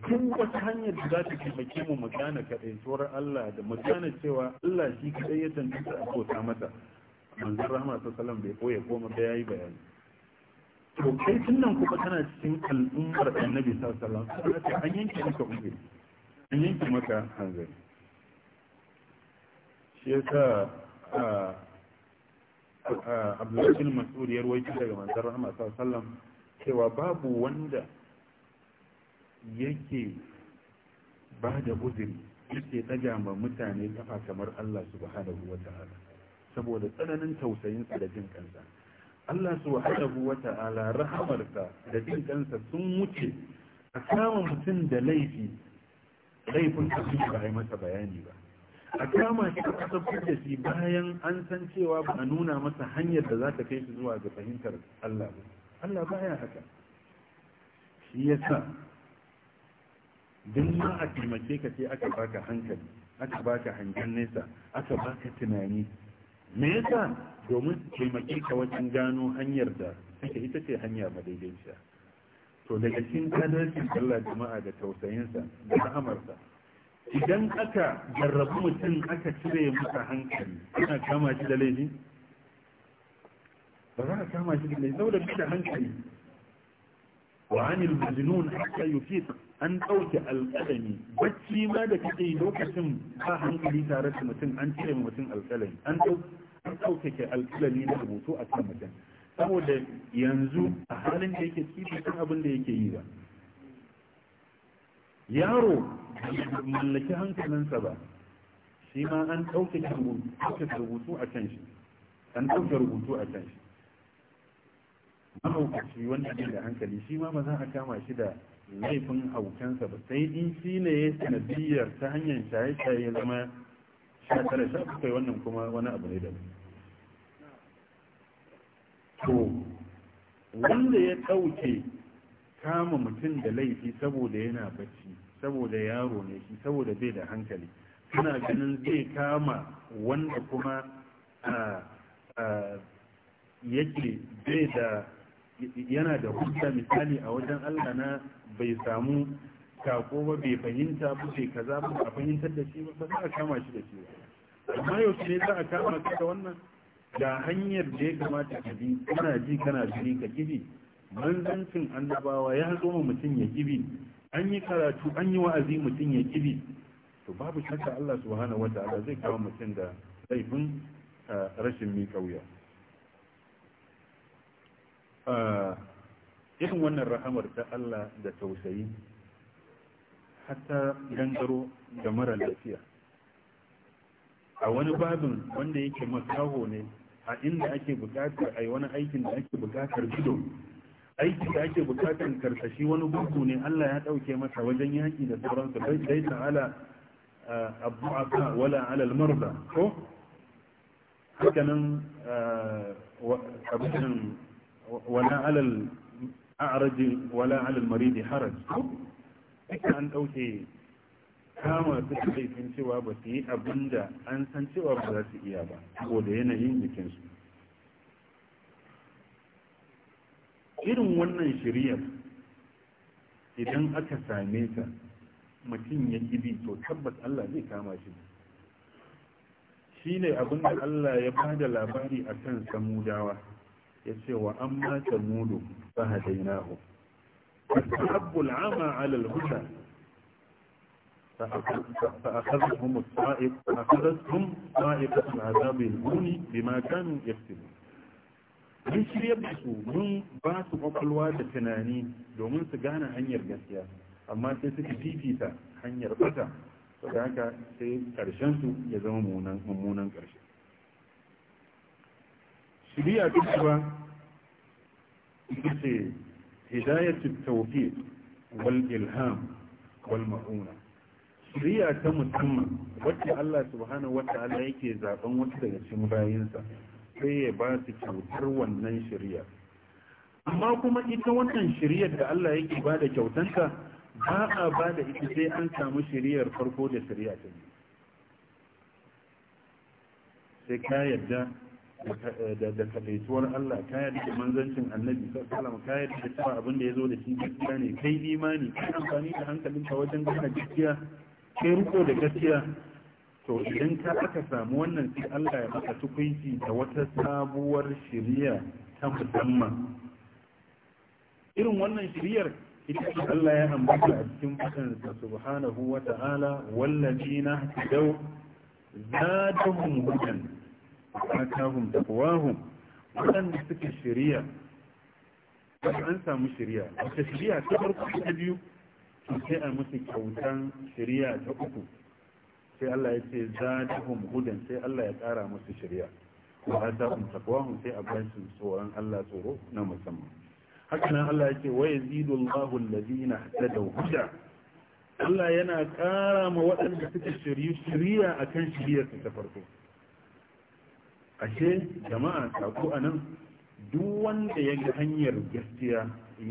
tun wata hanyar da za ta taimake mu magana kaɗai kaɗaituwar Allah da magana cewa Allah shi kaɗai ya tantance a bauta mata manzon rahama ta salam bai koya koma da yayi bayani to kai tun nan kuma tana cikin al'ummar annabi sallallahu alaihi wasallam an yanke maka umri an yanke maka hanzari shi yasa Abdullahi Mas'ud ya rawaito daga manzon rahama sallallahu alaihi wasallam cewa babu wanda yake ba da uzuri yake ɗaga ma mutane kafa kamar Allah subhanahu wa ta'ala saboda tsananin tausayinsa da jin kansa Allah subhanahu wa ta'ala rahamarsa da jin kansa sun wuce a kama mutum da laifi laifin abin ba masa bayani ba a kama shi a kasafin da shi bayan an san cewa ba a nuna masa hanyar da za ta kai shi zuwa ga fahimtar Allah ba Allah baya haka shi yasa don ma a taimake ka sai aka baka hankali aka baka hangen nesa aka baka tunani me yasa domin taimake ka wajen gano hanyar da take ita ce hanya madaidaiciya to daga cikin adalcin Allah jama'a da tausayinsa da rahamarsa idan aka jarrabu mutum aka cire masa hankali ana kama shi da laifi ba za a kama shi da laifi saboda bi da hankali wa anil majnun hatta yufiq an ɗauke alƙalami bacci ma da kake lokacin ba hankali tare da mutum an cire mutum alƙalami an ɗauke alƙalami da rubutu a kan mutum saboda yanzu a halin da yake ciki kan abin da yake yi ba yaro mallaki hankalinsa ba shi ma an ɗauke rubutu a kan shi an ɗauke rubutu a kan shi mahaukaci wanda ne da hankali shi ma ba za a kama shi da laifin haukansa ba sai in shi ne ya sanadiyar ta hanyar shaye-shaye ya zama sha tara sha wannan kuma wani abu ne da to wanda ya ɗauke kama mutum da laifi saboda yana bacci saboda yaro ne shi saboda bai da hankali suna ganin zai kama wanda kuma yake bai da yana da hujja misali a wajen Allah na bai samu kako ba bai fahimta ba bai kaza ba a fahimtar da shi ba za a kama shi da shi ba amma yau ne za a kama shi da wannan da hanyar da ya kamata ka bi kana ji kana jini ka gibi manzancin annabawa ya zo ma mutum ya gibi an yi karatu an yi wa'azi mutum ya gibi to babu shakka Allah subhanahu wataala zai kawo mutum da laifin eh, rashin miƙa wuya irin wannan rahamar ta Allah da tausayi hatta gangaro da mara lafiya a wani babin wanda yake makaho ne a inda ake bukatar a wani aikin da ake bukatar gido aiki da ake bukatar karkashi wani gurgu ne Allah ya dauke masa wajen yaki da sauransu bai sai ta'ala abdu'aka wala ala al ko hakanan abinan wala alal a'raji wala alal maridi haraj duka an dauke kama su da laifin cewa ba su yi abin da an san cewa ba za su iya ba saboda yanayin jikinsu irin wannan shiriyar idan aka same ta mutum ya gibi to tabbas Allah zai kama shi shi ne abin da Allah ya ba da labari a kan samudawa ya ce wa amma samudu fa hadainahu فاستحبوا العمى على الهدى فأخذتهم الصائق فأخذتهم صائقة عذاب الهون بما كانوا يكسبون mun shirya da su mun ba su kwakwalwa da tunani domin su gane hanyar gaskiya amma sai suka fifita hanyar fata saboda haka sai karshen su ya zama mummunan karshe shiriya ta gaba ita ce hidayatul wal ilham wal ma'una shiriya ta musamman wacce Allah subhanahu wata'ala yake zaben wata daga cikin bayinsa sai ya ba su kyautar wannan shirya. amma kuma ita wannan shiriyar da Allah yake ba da kyautanta ba a ba da ita sai an samu shiriyar farko da shiriya ta biyu sai ka yadda da takaituwar Allah ka yi da manzancin annabi kala ka yi da cewa abin da ya zo da shi gaskiya ne kai imani kai amfani da hankalin ka wajen gina gaskiya kai riko da gaskiya to idan ka aka samu wannan sai Allah ya maka tukunci da wata sabuwar shiriya ta musamman irin wannan shiriyar ita Allah ya ambata a cikin sa subhanahu wa ta'ala wallazina hadau zadahum hudan atahum taqwahum waɗanda suka shirya an samu shirya wata shirya ta farko ta biyu sai a musu kyautan shirya ta uku sai Allah ya ce za zadahum hudan sai Allah ya ƙara musu shirya wa atahum taqwahum sai a ba tsoron Allah tsoro na musamman haka nan Allah ya ce wa yazidu Allahu na da huda Allah yana ƙara ma waɗanda suka shiryu shirya akan shirya ta farko ashe jama'a sako a nan duk wanda ya ga hanyar gaskiya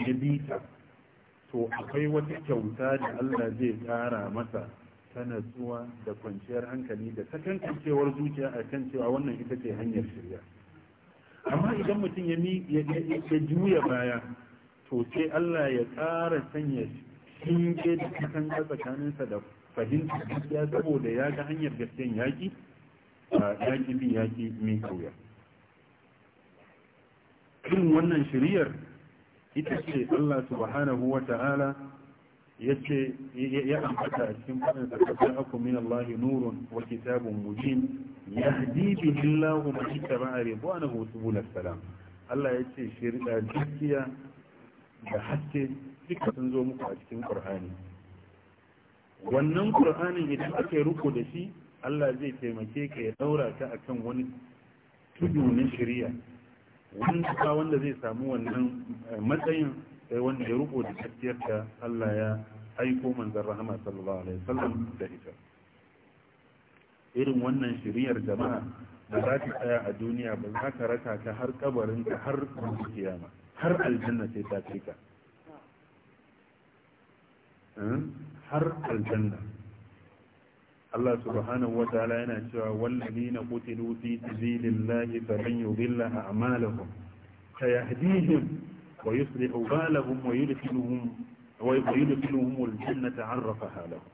ya bi ta to akwai wata kyauta da Allah zai kara masa ta natsuwa da kwanciyar hankali da sakankancewar zuciya a kan cewa wannan ita ce hanyar shirya amma idan mutum ya juya baya to sai Allah ya tsara sanya shinge da katangar tsakaninsa da fahimta gaskiya saboda ya ga hanyar gaskiyan yaƙi yaki bi yaki min kauya kin wannan shiriyar ita ce Allah subhanahu wa ta'ala yace ya ambata a cikin fadin sa kafa aku min Allah nurun wa kitabun mubin yahdi bihi Allah man ittaba ridwanahu subul salam Allah yace shirya dukiya da haske duka sun zo muku a cikin Qur'ani wannan Qur'anin idan aka ruko da shi Allah zai taimake ka ya daura ka akan wani tudu na shari'a wanda ba wanda zai samu wannan eh, matsayin sai wanda ya ruko da tafiyar ta Allah ya aiko manzon rahama sallallahu alaihi wasallam da ita irin wannan shari'ar jama'a da za ta tsaya a duniya ba za ka raka ta har kabarin ka har kiyama har aljanna sai ta tsika hmm? har aljanna Allah subhanahu wataala yana cewa wallazina qutilu fi sabilillahi falan yudilla a'malahum sayahdihim wa yuslihu balahum wa yudkhiluhum wa yudkhiluhum aljannata 'arrafaha lahum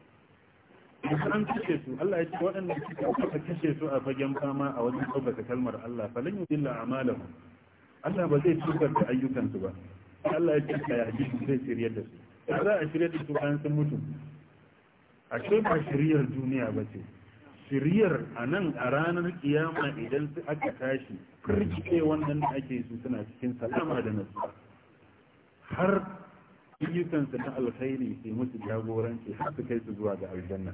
an kashe su Allah ya ce waɗanda suka kashe su a fagen fama a wajen ɗaukaka kalmar Allah illa a a'malahum Allah ba zai tukar da ayyukansu ba Allah ya ce sayahdihim zai shirya da su za a shirya da su an sun mutu ashe ba shiriyar duniya ba ce shiriyar a nan a ranar kiyama idan su aka tashi firgice wannan da ake su suna cikin salama da nasuwa har ayyukansu na alkhairi sai musu jagoranci har su kai su zuwa ga aljanna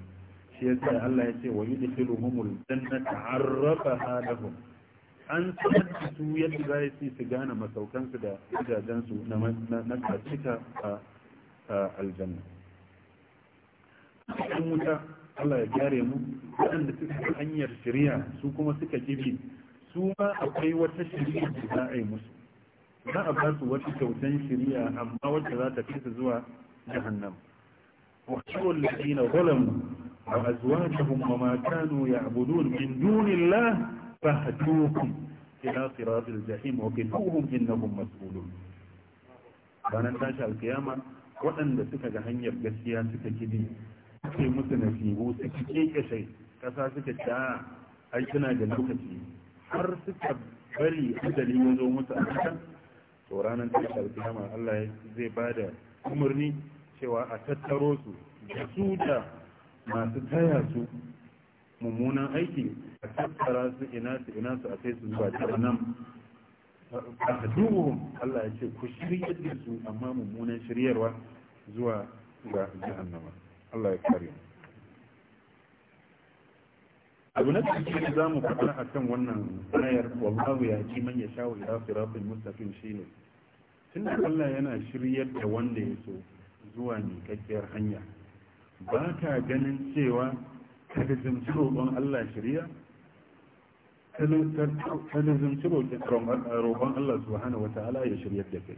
shi yasa Allah ya ce wa na jannata arrafaha lahum an sanar su yadda za su su gane masaukansu da gidajensu na kacika a aljanna ɗan wuta Allah ya gyare mu waɗanda suka hanyar shari'a su kuma suka kibi su ma akwai wata shari'a da za a yi musu za a ba su wata kyautan shari'a amma wacce za ta kai su zuwa jahannam wa shawul na zalamu wa azwajuhum kuma ma ya ya'budun min dunillah fahduhum ila siratil jahim wa qifuhum innahum mas'ulun ranar tashi alkiyama waɗanda suka ga hanyar gaskiya suka kibi suka yi musu nasibu suka kekashe kasa suka ta aikina da lokaci har suka bari adali ya zo musu a kan to ranar ta alkiyama Allah zai ba da umarni cewa a tattaro su da su da masu taya su mummunan aiki a tattara su ina su ina su a kai su zuwa nan a duhun Allah ya ce ku shirya su amma mummunan shiryarwa zuwa ga jahannama Allah ya kare abu na cikin za mu faɗa a kan wannan ayar wallahu ya ji man ya sha wa ila siratul mustaqim shine tunda Allah yana shiryar da wanda ya so zuwa miƙaƙƙiyar hanya ba ka ganin cewa ka zumci roƙon Allah shirya ka zumci roƙon Allah subhanahu wata'ala ya shiryar da kai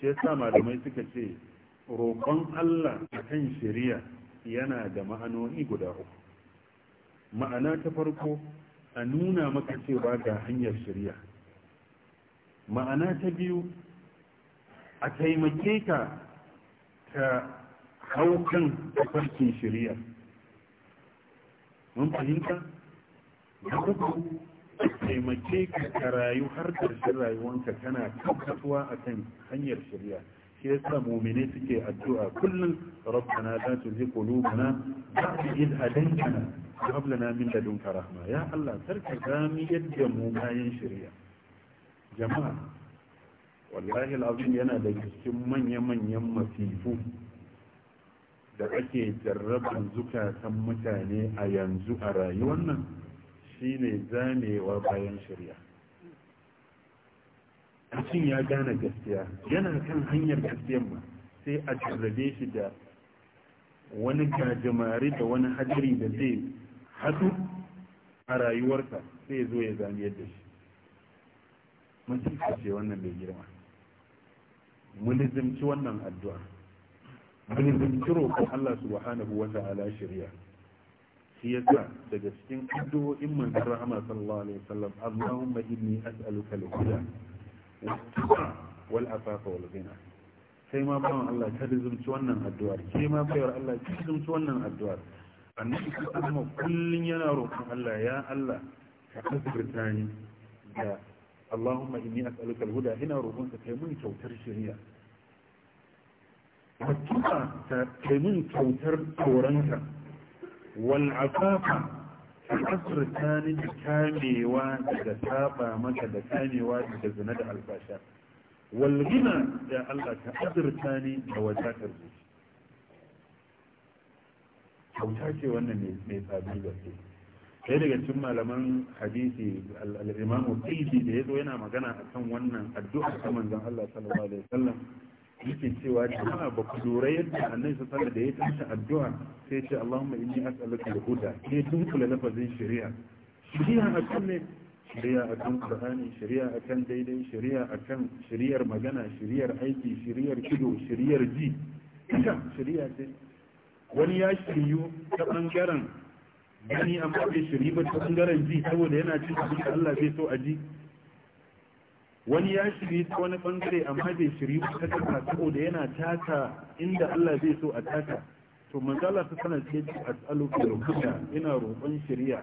shi yasa malamai suka ce roƙon Allah a kan shari'a yana da ma'anoni guda uku ma'ana ta farko a nuna maka cewa ga hanyar shari'a ma'ana ta biyu a taimake ka ta haukan tafarkin shari'a mun fahimta da uku taimake ka ka rayu har ƙarshen rayuwanka kana a kan hanyar shari'a shi yasa mu'mini suke addu'a kullum rabbana la tuzigh qulubana ba'da id hadaytana wa hab lana min ladunka rahma ya Allah tarka gami yadda mu bayan shari'a jama'a wallahi alazim yana da cikin manya-manyan masifu da ake jarraban zukatan mutane a yanzu a rayuwar nan shine zamewa bayan shari'a mutum ya gane gaskiya yana kan hanyar gaskiyar ma sai a jarrabe shi da wani gajimare da wani hadari da zai haɗu a rayuwarsa sai zo ya zane yadda shi mutum ce wannan mai girma mulzimci wannan addu'a mulzimci roƙon Allah subhanahu wa ta'ala shirya shi yasa daga cikin addu'o'in manzon rahama sallallahu alaihi wasallam Allahumma inni as'aluka al-huda [COUGHS] wal afafa wal sai ma bawan Allah ta rizumci wannan addu'ar sai ma Allah ta wannan addu'ar annabi kuma kullun yana roƙon Allah ya Allah ka azurta ni da Allahumma inni as'aluka al-huda ina roƙon ka kai mun kyautar shari'a addu'a kai kyautar wal afafa azurta ni kamewa daga saba maka da kamewa daga zina da albasha walgina da Allah ka azurta ni da wadatar zuci kyauta ce wannan mai da ke ɗaya daga cikin malaman hadisi al-imamu da ya zo yana magana akan wannan addu'a ta manzon Allah sallallahu alaihi wasallam yake cewa kana ba ku dora yadda annabi sallallahu da ya tashi addu'a sai ce Allahumma inni as'aluka al-huda sai dunkula lafazin shari'a shari'a akan ne shari'a akan Qur'ani shari'a akan daidai shari'a akan shari'ar magana shari'ar aiki shari'ar kido shari'ar ji duka shari'a ce wani ya shiryu ta bangaren gani amma bai shiryu ba ta bangaren ji saboda yana cin abin da Allah zai so a ji wani ya shiri ta wani bangare amma bai shiri ta kasa saboda yana taka inda Allah zai so a taka to manzala ta sana ce as'alu ke rukuda ina roƙon shirya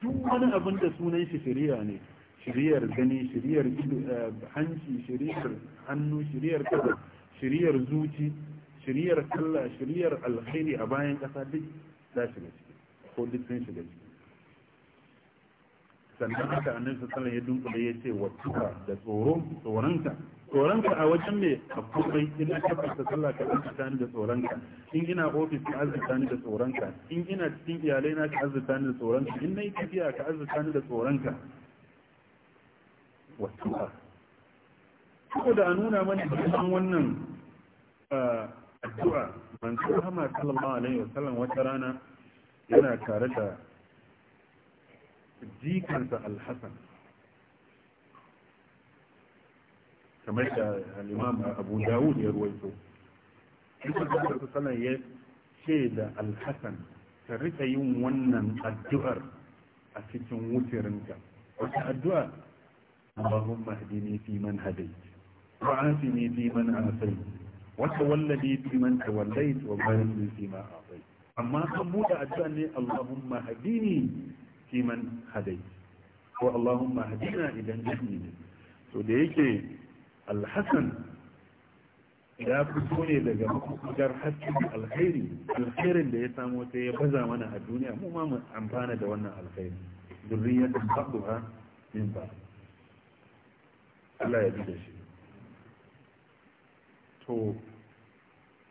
duk wani abin da sunan shi shirya ne shiryar gani shari'ar eh, hanci shiryar hannu shiryar kaza shiryar zuci shiryar kalla shiryar alkhairi a bayan kasa duk za shiga ciki ko duk sun shiga ciki sannan haka annabi sallallahu alaihi ya dunkule ya ce wa tuka da tsoro tsoronka tsoronka a wajen me akwai ina tabbata sallah ka azurta ni da tsoronka in ina ofis ka azurta ni da tsoronka in ina cikin iyalai na ka azurta ni da tsoronka in nayi tafiya ka azurta ni da tsoronka wa tuka saboda a nuna mana cikin wannan addu'a manzo Muhammad sallallahu alaihi wasallam wata rana yana tare da دي كانت الحسن كما الإمام أبو داود يرويته يقول الله عليه وسلم شيد الحسن سرت يوم ونن الدؤر أتتم وترنك وش الدؤر اللهم اهدني في من هديت وعافني في من عافيت وتولدي في من توليت وبارك لي فيما أعطيت أما قبول الدؤر اللهم اهدني kiman hadai ko Allahumma hadina idan jahmi to da yake alhassan ya fito ne daga makugar hasken alkhairi alkhairin da ya samo ta ya baza mana a duniya mu ma mu amfana da wannan alkhairi zurriyatun ba'duha min ba Allah ya ji da shi to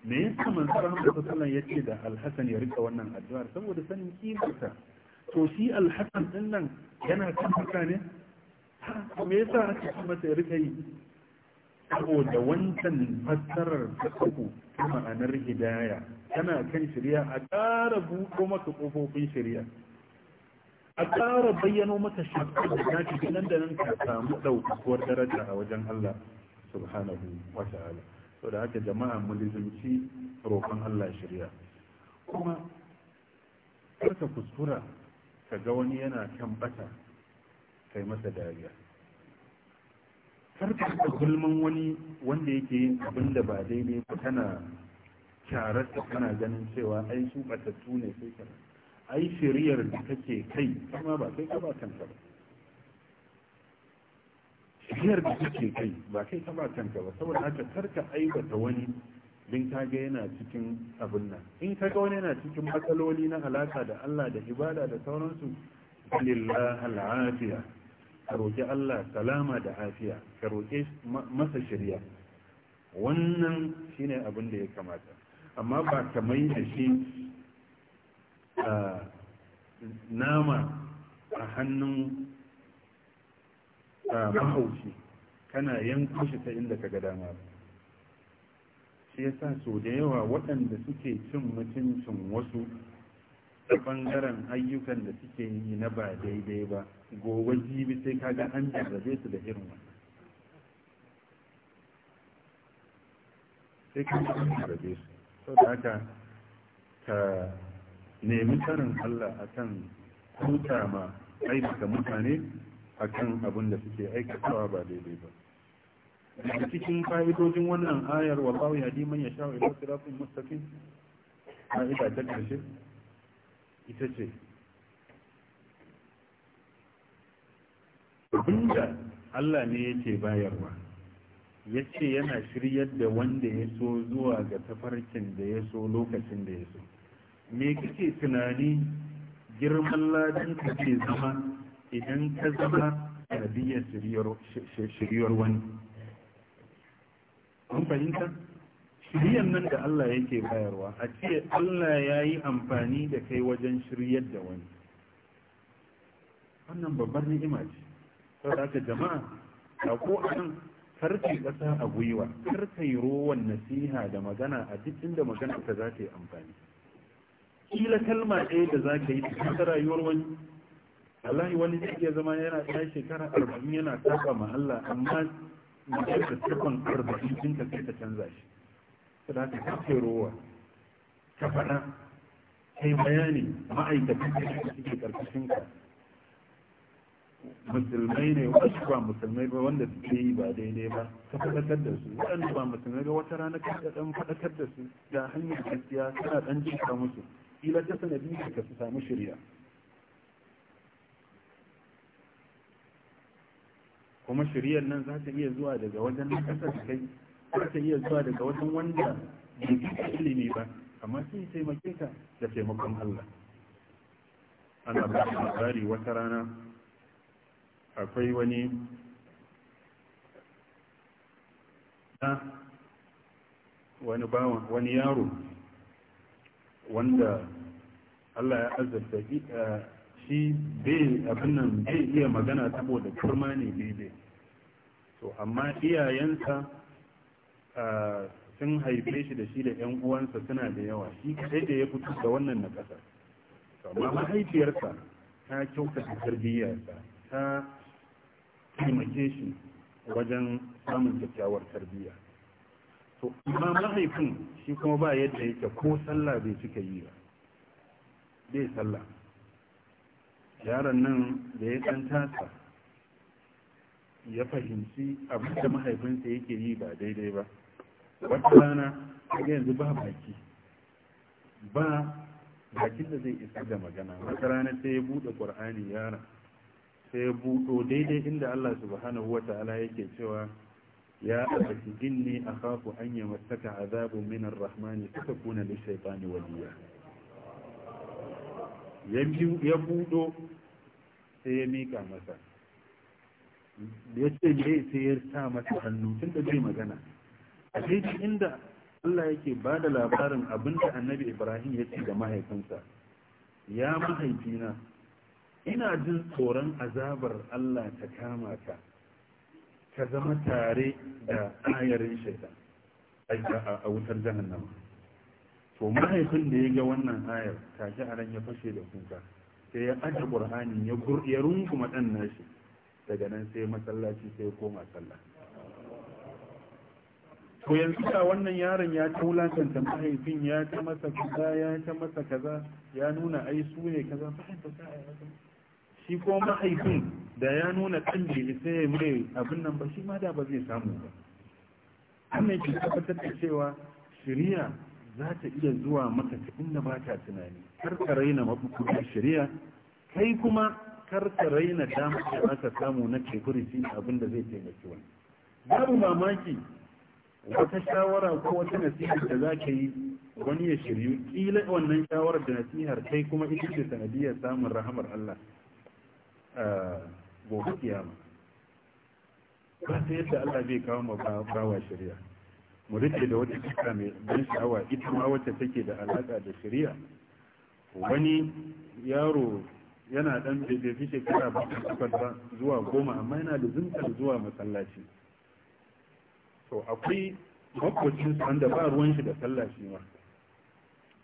me yasa manzo Allah sallallahu alaihi wasallam yace da alhasan ya rika wannan addu'ar saboda sanin kimarsa to shi alhassan din nan yana kan mutane me yasa aka ci masa ya rika yi saboda wancan fassarar ta uku ta ma'anar hidaya tana kan shirya a ƙara buɗo maka ƙofofin shirya a ƙara bayyano maka shakar da ta ciki nan da nan ka samu ɗaukakuwar daraja a wajen Allah subhanahu wa ta'ala to da haka jama'a mu lizumci roƙon Allah shirya kuma kar ka kuskura ka ga wani yana kan bata kai masa dariya karka da gulman wani wanda yake yin abin da ba daidai ba tana da kana ganin cewa ai su batattu ne sai kana ai shiriyar da kake kai kuma ba kai ka ba kanka ba shiriyar da kake kai ba kai ka ba kanka ba saboda haka karka aibata wani din kage yana cikin abin nan in kaga wani yana cikin matsaloli na alaƙa da Allah da ibada da sauransu lillahi al'afiya ka roki Allah salama da afiya ka roke masa shari'a wannan shine abin da ya kamata amma ba kamar da shi nama a hannun mahauci kana yanko shi ta inda ka ga dama ba shi yasa so da yawa waɗanda suke cin mutuncin wasu ta ɓangaren ayyukan da suke yi na ba daidai ba gobe jibi sai kaga an jarrabe su da irin wannan sai kaga an jarrabe su sau da haka ka nemi tsarin Allah a kan kuta ma aibata mutane akan abin da suke aikatawa ba daidai ba daga cikin fa'idojin wannan ayar wallahu yahdi man yasha'u ila siratin mustaqim ita ta ƙarshe, ita ce abinda Allah ne yake bayarwa ya ce yana shiryar da wanda ya so zuwa ga tafarkin da ya so lokacin da ya so me kake tunani girman ladan ka ke zama idan ka zama sanadiyar shiryar wani an fahimta shiryan nan da Allah yake bayarwa a ce Allah ya yi amfani da kai wajen shiryar da wani wannan babbar ni'ima ce saboda haka jama'a da ko a nan karki ƙasa a gwiwa kar yi rowan nasiha da magana a duk inda magana ta za ta yi amfani kila kalma ɗaya da za ka yi ta rayuwar wani wallahi wani zai iya zama yana ɗaya shekara arba'in yana taɓa ma Allah amma magana da tukun arba'in din ka ta canza shi su da ta ce ruwa ka faɗa kai bayani ma'aikatan da suke karkashin ka musulmai ne wasu ba musulmai ba wanda suke yi ba daidai ba ka faɗakar da su waɗanda ba musulmai ba wata rana ka ɗan faɗakar da su da hanyar gaskiya kana ɗan jinka musu ila ta sanadin ka su samu shirya kuma shiriyar nan za ta iya zuwa daga wajen na da kai za ta iya zuwa daga wajen wanda bai kika ilimi ba amma sai taimake ka da taimakon Allah ana ba shi labari wata rana akwai wani na wani bawa wani yaro wanda Allah ya azabta shi bai abin nan bai iya magana saboda kurma ne daidai to amma iyayensa sun haife shi da shi da 'yan uwansa suna da yawa shi kadai da ya fito da wannan na ƙasa amma mahaifiyarsa ta kyautata tarbiyyarsa ta taimake shi wajen samun kyakkyawar tarbiyya to amma mahaifin shi kuma ba yadda yake ko sallah bai cika yi ba bai sallah yaron nan da ya san tasa ya fahimci abin da mahaifinsa yake yi ba daidai ba wata rana kaga yanzu ba baki ba bakin da zai isa da magana wata rana sai ya buɗe ƙur'ani yaron sai ya buɗo daidai inda Allah subhanahu ta'ala yake cewa ya abati a kafu an mataka a min ar-rahmani kuna lish-shaytani waliya ya buɗo sai ya mika masa ya ce ne sai ya sa masa hannu tun da zai magana a daidai inda Allah yake ba da labarin abinda annabi Ibrahim ya ce ga mahaifinsa ya mahaifina ina jin tsoron azabar Allah ta kama ka ka zama tare da ayarin shaitan a wutar jahannama to mahaifin da ya ga wannan ayar tashi a ran ya fashe da kuka sai ya aje qur'ani ya ya runguma dan nashi daga nan sai masallaci sai ko koma sallah to yanzu da wannan yaron ya ta wulakanta mahaifin ya ta masa kaza ya ta masa kaza ya nuna ai su ne kaza shi ko mahaifin da ya nuna kan bai sai ya mai abin nan ba shi ma da ba zai samu ba wannan ke tabbatar da cewa shirya za ta iya zuwa maka ta inda ba ta tunani kar ka raina mabukudin shari'a kai kuma kar ka raina damar da aka samu na security abin da zai taimaki wani babu mamaki wata shawara ko wata nasihar da za ka yi wani ya shiryu kila wannan shawarar da nasihar kai kuma ita ce sanadiyar samun rahamar Allah gobe kiyama ba ta yadda Allah bai kawo ma bawa shari'a mu rike da wata kika mai ban sha'awa ita ma wacce take da alaka da shari'a wani yaro yana dan bai fi shekara ba zuwa goma amma yana da zuntar zuwa masallaci to akwai makwacin wanda ba ruwan shi da sallaci ba.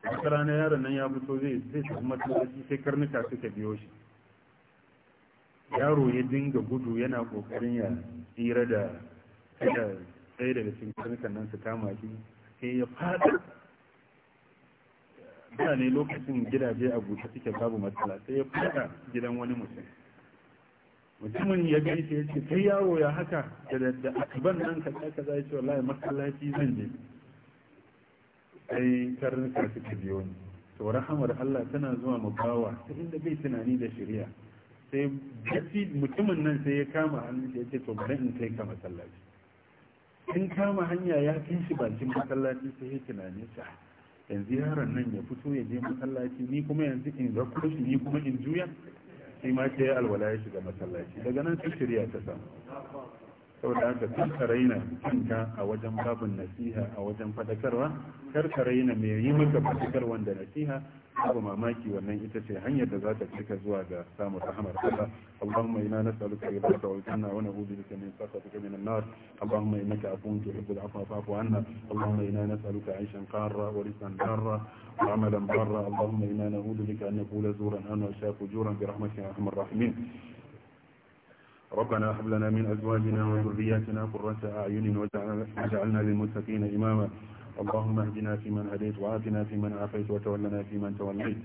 ma wata rana yaron nan ya fito zai zai tafi masallaci sai karnuka suka biyo shi yaro ya dinga gudu yana kokarin ya tsira da ɗaya daga cikin karnukan nan su kama shi sai ya fada da ne lokacin gidaje a bushe suke babu matsala sai ya fada gidan wani mutum mutumin ya sai ya ce kai yawo ya haka da da akaban nan ka ka za ce wallahi masallaci zan je sai karnuka suka biyo ni to rahamar Allah tana zuwa bawa ta inda bai tunani da shari'a sai mutumin nan sai ya kama hannun ya ce to bari in kai ka masallaci in kama hanya ya kai shi bakin masallaci sai ya tunane shi ah, yanzu yaron nan ya fito ya je masallaci ni kuma yanzu in zakko shi ni kuma in juya sai ma ke yi alwala ya shiga masallaci daga nan sai shirya ta samu saboda haka kar ka kanka a wajen babin nasiha a wajen fadakarwa kar ka raina mai yi maka fadakar wanda nasiha babu mamaki wannan ita ce hanyar da za ta kai zuwa ga samun rahamar Allah Allahumma inna nas'aluka ridaka wal janna wa na'udhu bika min sakhatika min an-nar Allahumma innaka afuwun tuhibbul afwa fa'fu 'anna Allahumma inna nas'aluka 'ayshan aishan wa rizqan darra wa 'amalan barra Allahumma inna na'udhu bika an naqula zuran na wa shafu juran bi rahmatika ya arhamar rahimin ربنا هب لنا من أزواجنا وذرياتنا قرة أعين واجعلنا للمتقين إماما اللهم اهدنا فيمن هديت وعافنا فيمن عافيت وتولنا فيمن توليت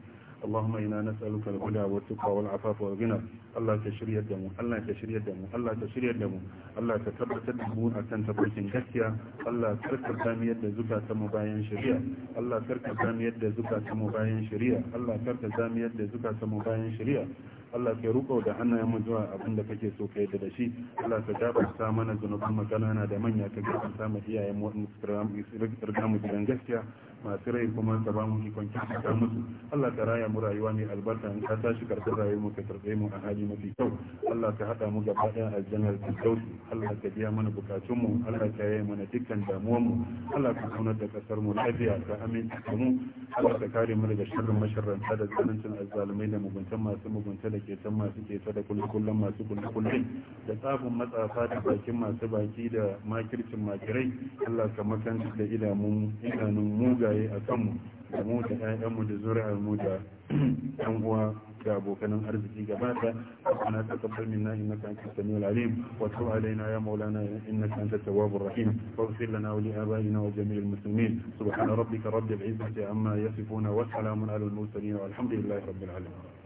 اللهم إنا نسألك الهدى والتقى والعفاف والغنى الله تشري الدم الله تشري الدم الله تشري الدم الله تثبت الدمو أكن تبوت جسيا الله تركب دام يد زكاة مباين شريعة الله تركب دام يد زكاة مباين شريعة الله تركب دام يد زكاة مباين شريعة Allah ya ruko da hannayen mu zuwa abin da kake so ka yadda da shi Allah ka gafarta mana zanubin maganana da manya ka gafarta mu iyayen mu waɗanda suka riga mu gidan gaskiya masu rai kuma ka ba mu ikon kyautata musu Allah ka raya mu rayuwa mai albarka in ka tashi karɓar rayuwar mu ka karɓe mu a hali mafi kyau Allah ka haɗa mu gaba ɗaya a janar Firdaus Allah ka biya mana bukatun mu Allah ka yaye mana dukkan damuwan mu Allah ka kaunar da kasar mu lafiya ka aminta da mu Allah ka kare mu daga sharrin ta da zanancin azzalumai da muguntan masu mugunta da ke san masu ke da kullum masu kullum da tsafin matsafa da bakin masu baki da makircin makirai Allah ka makanta da idanun mugaye kiyaye a kanmu da mu da 'ya'yanmu da zuri'armu da 'yan uwa يا أبو كلام أرزقي جباتا ربنا تقبل منا إنك أنت السميع العليم وتب علينا يا مولانا إنك أنت التواب الرحيم واغفر لنا ولآبائنا وجميع المسلمين سبحان ربك رب العزة عما يصفون وسلام على المرسلين والحمد لله رب العالمين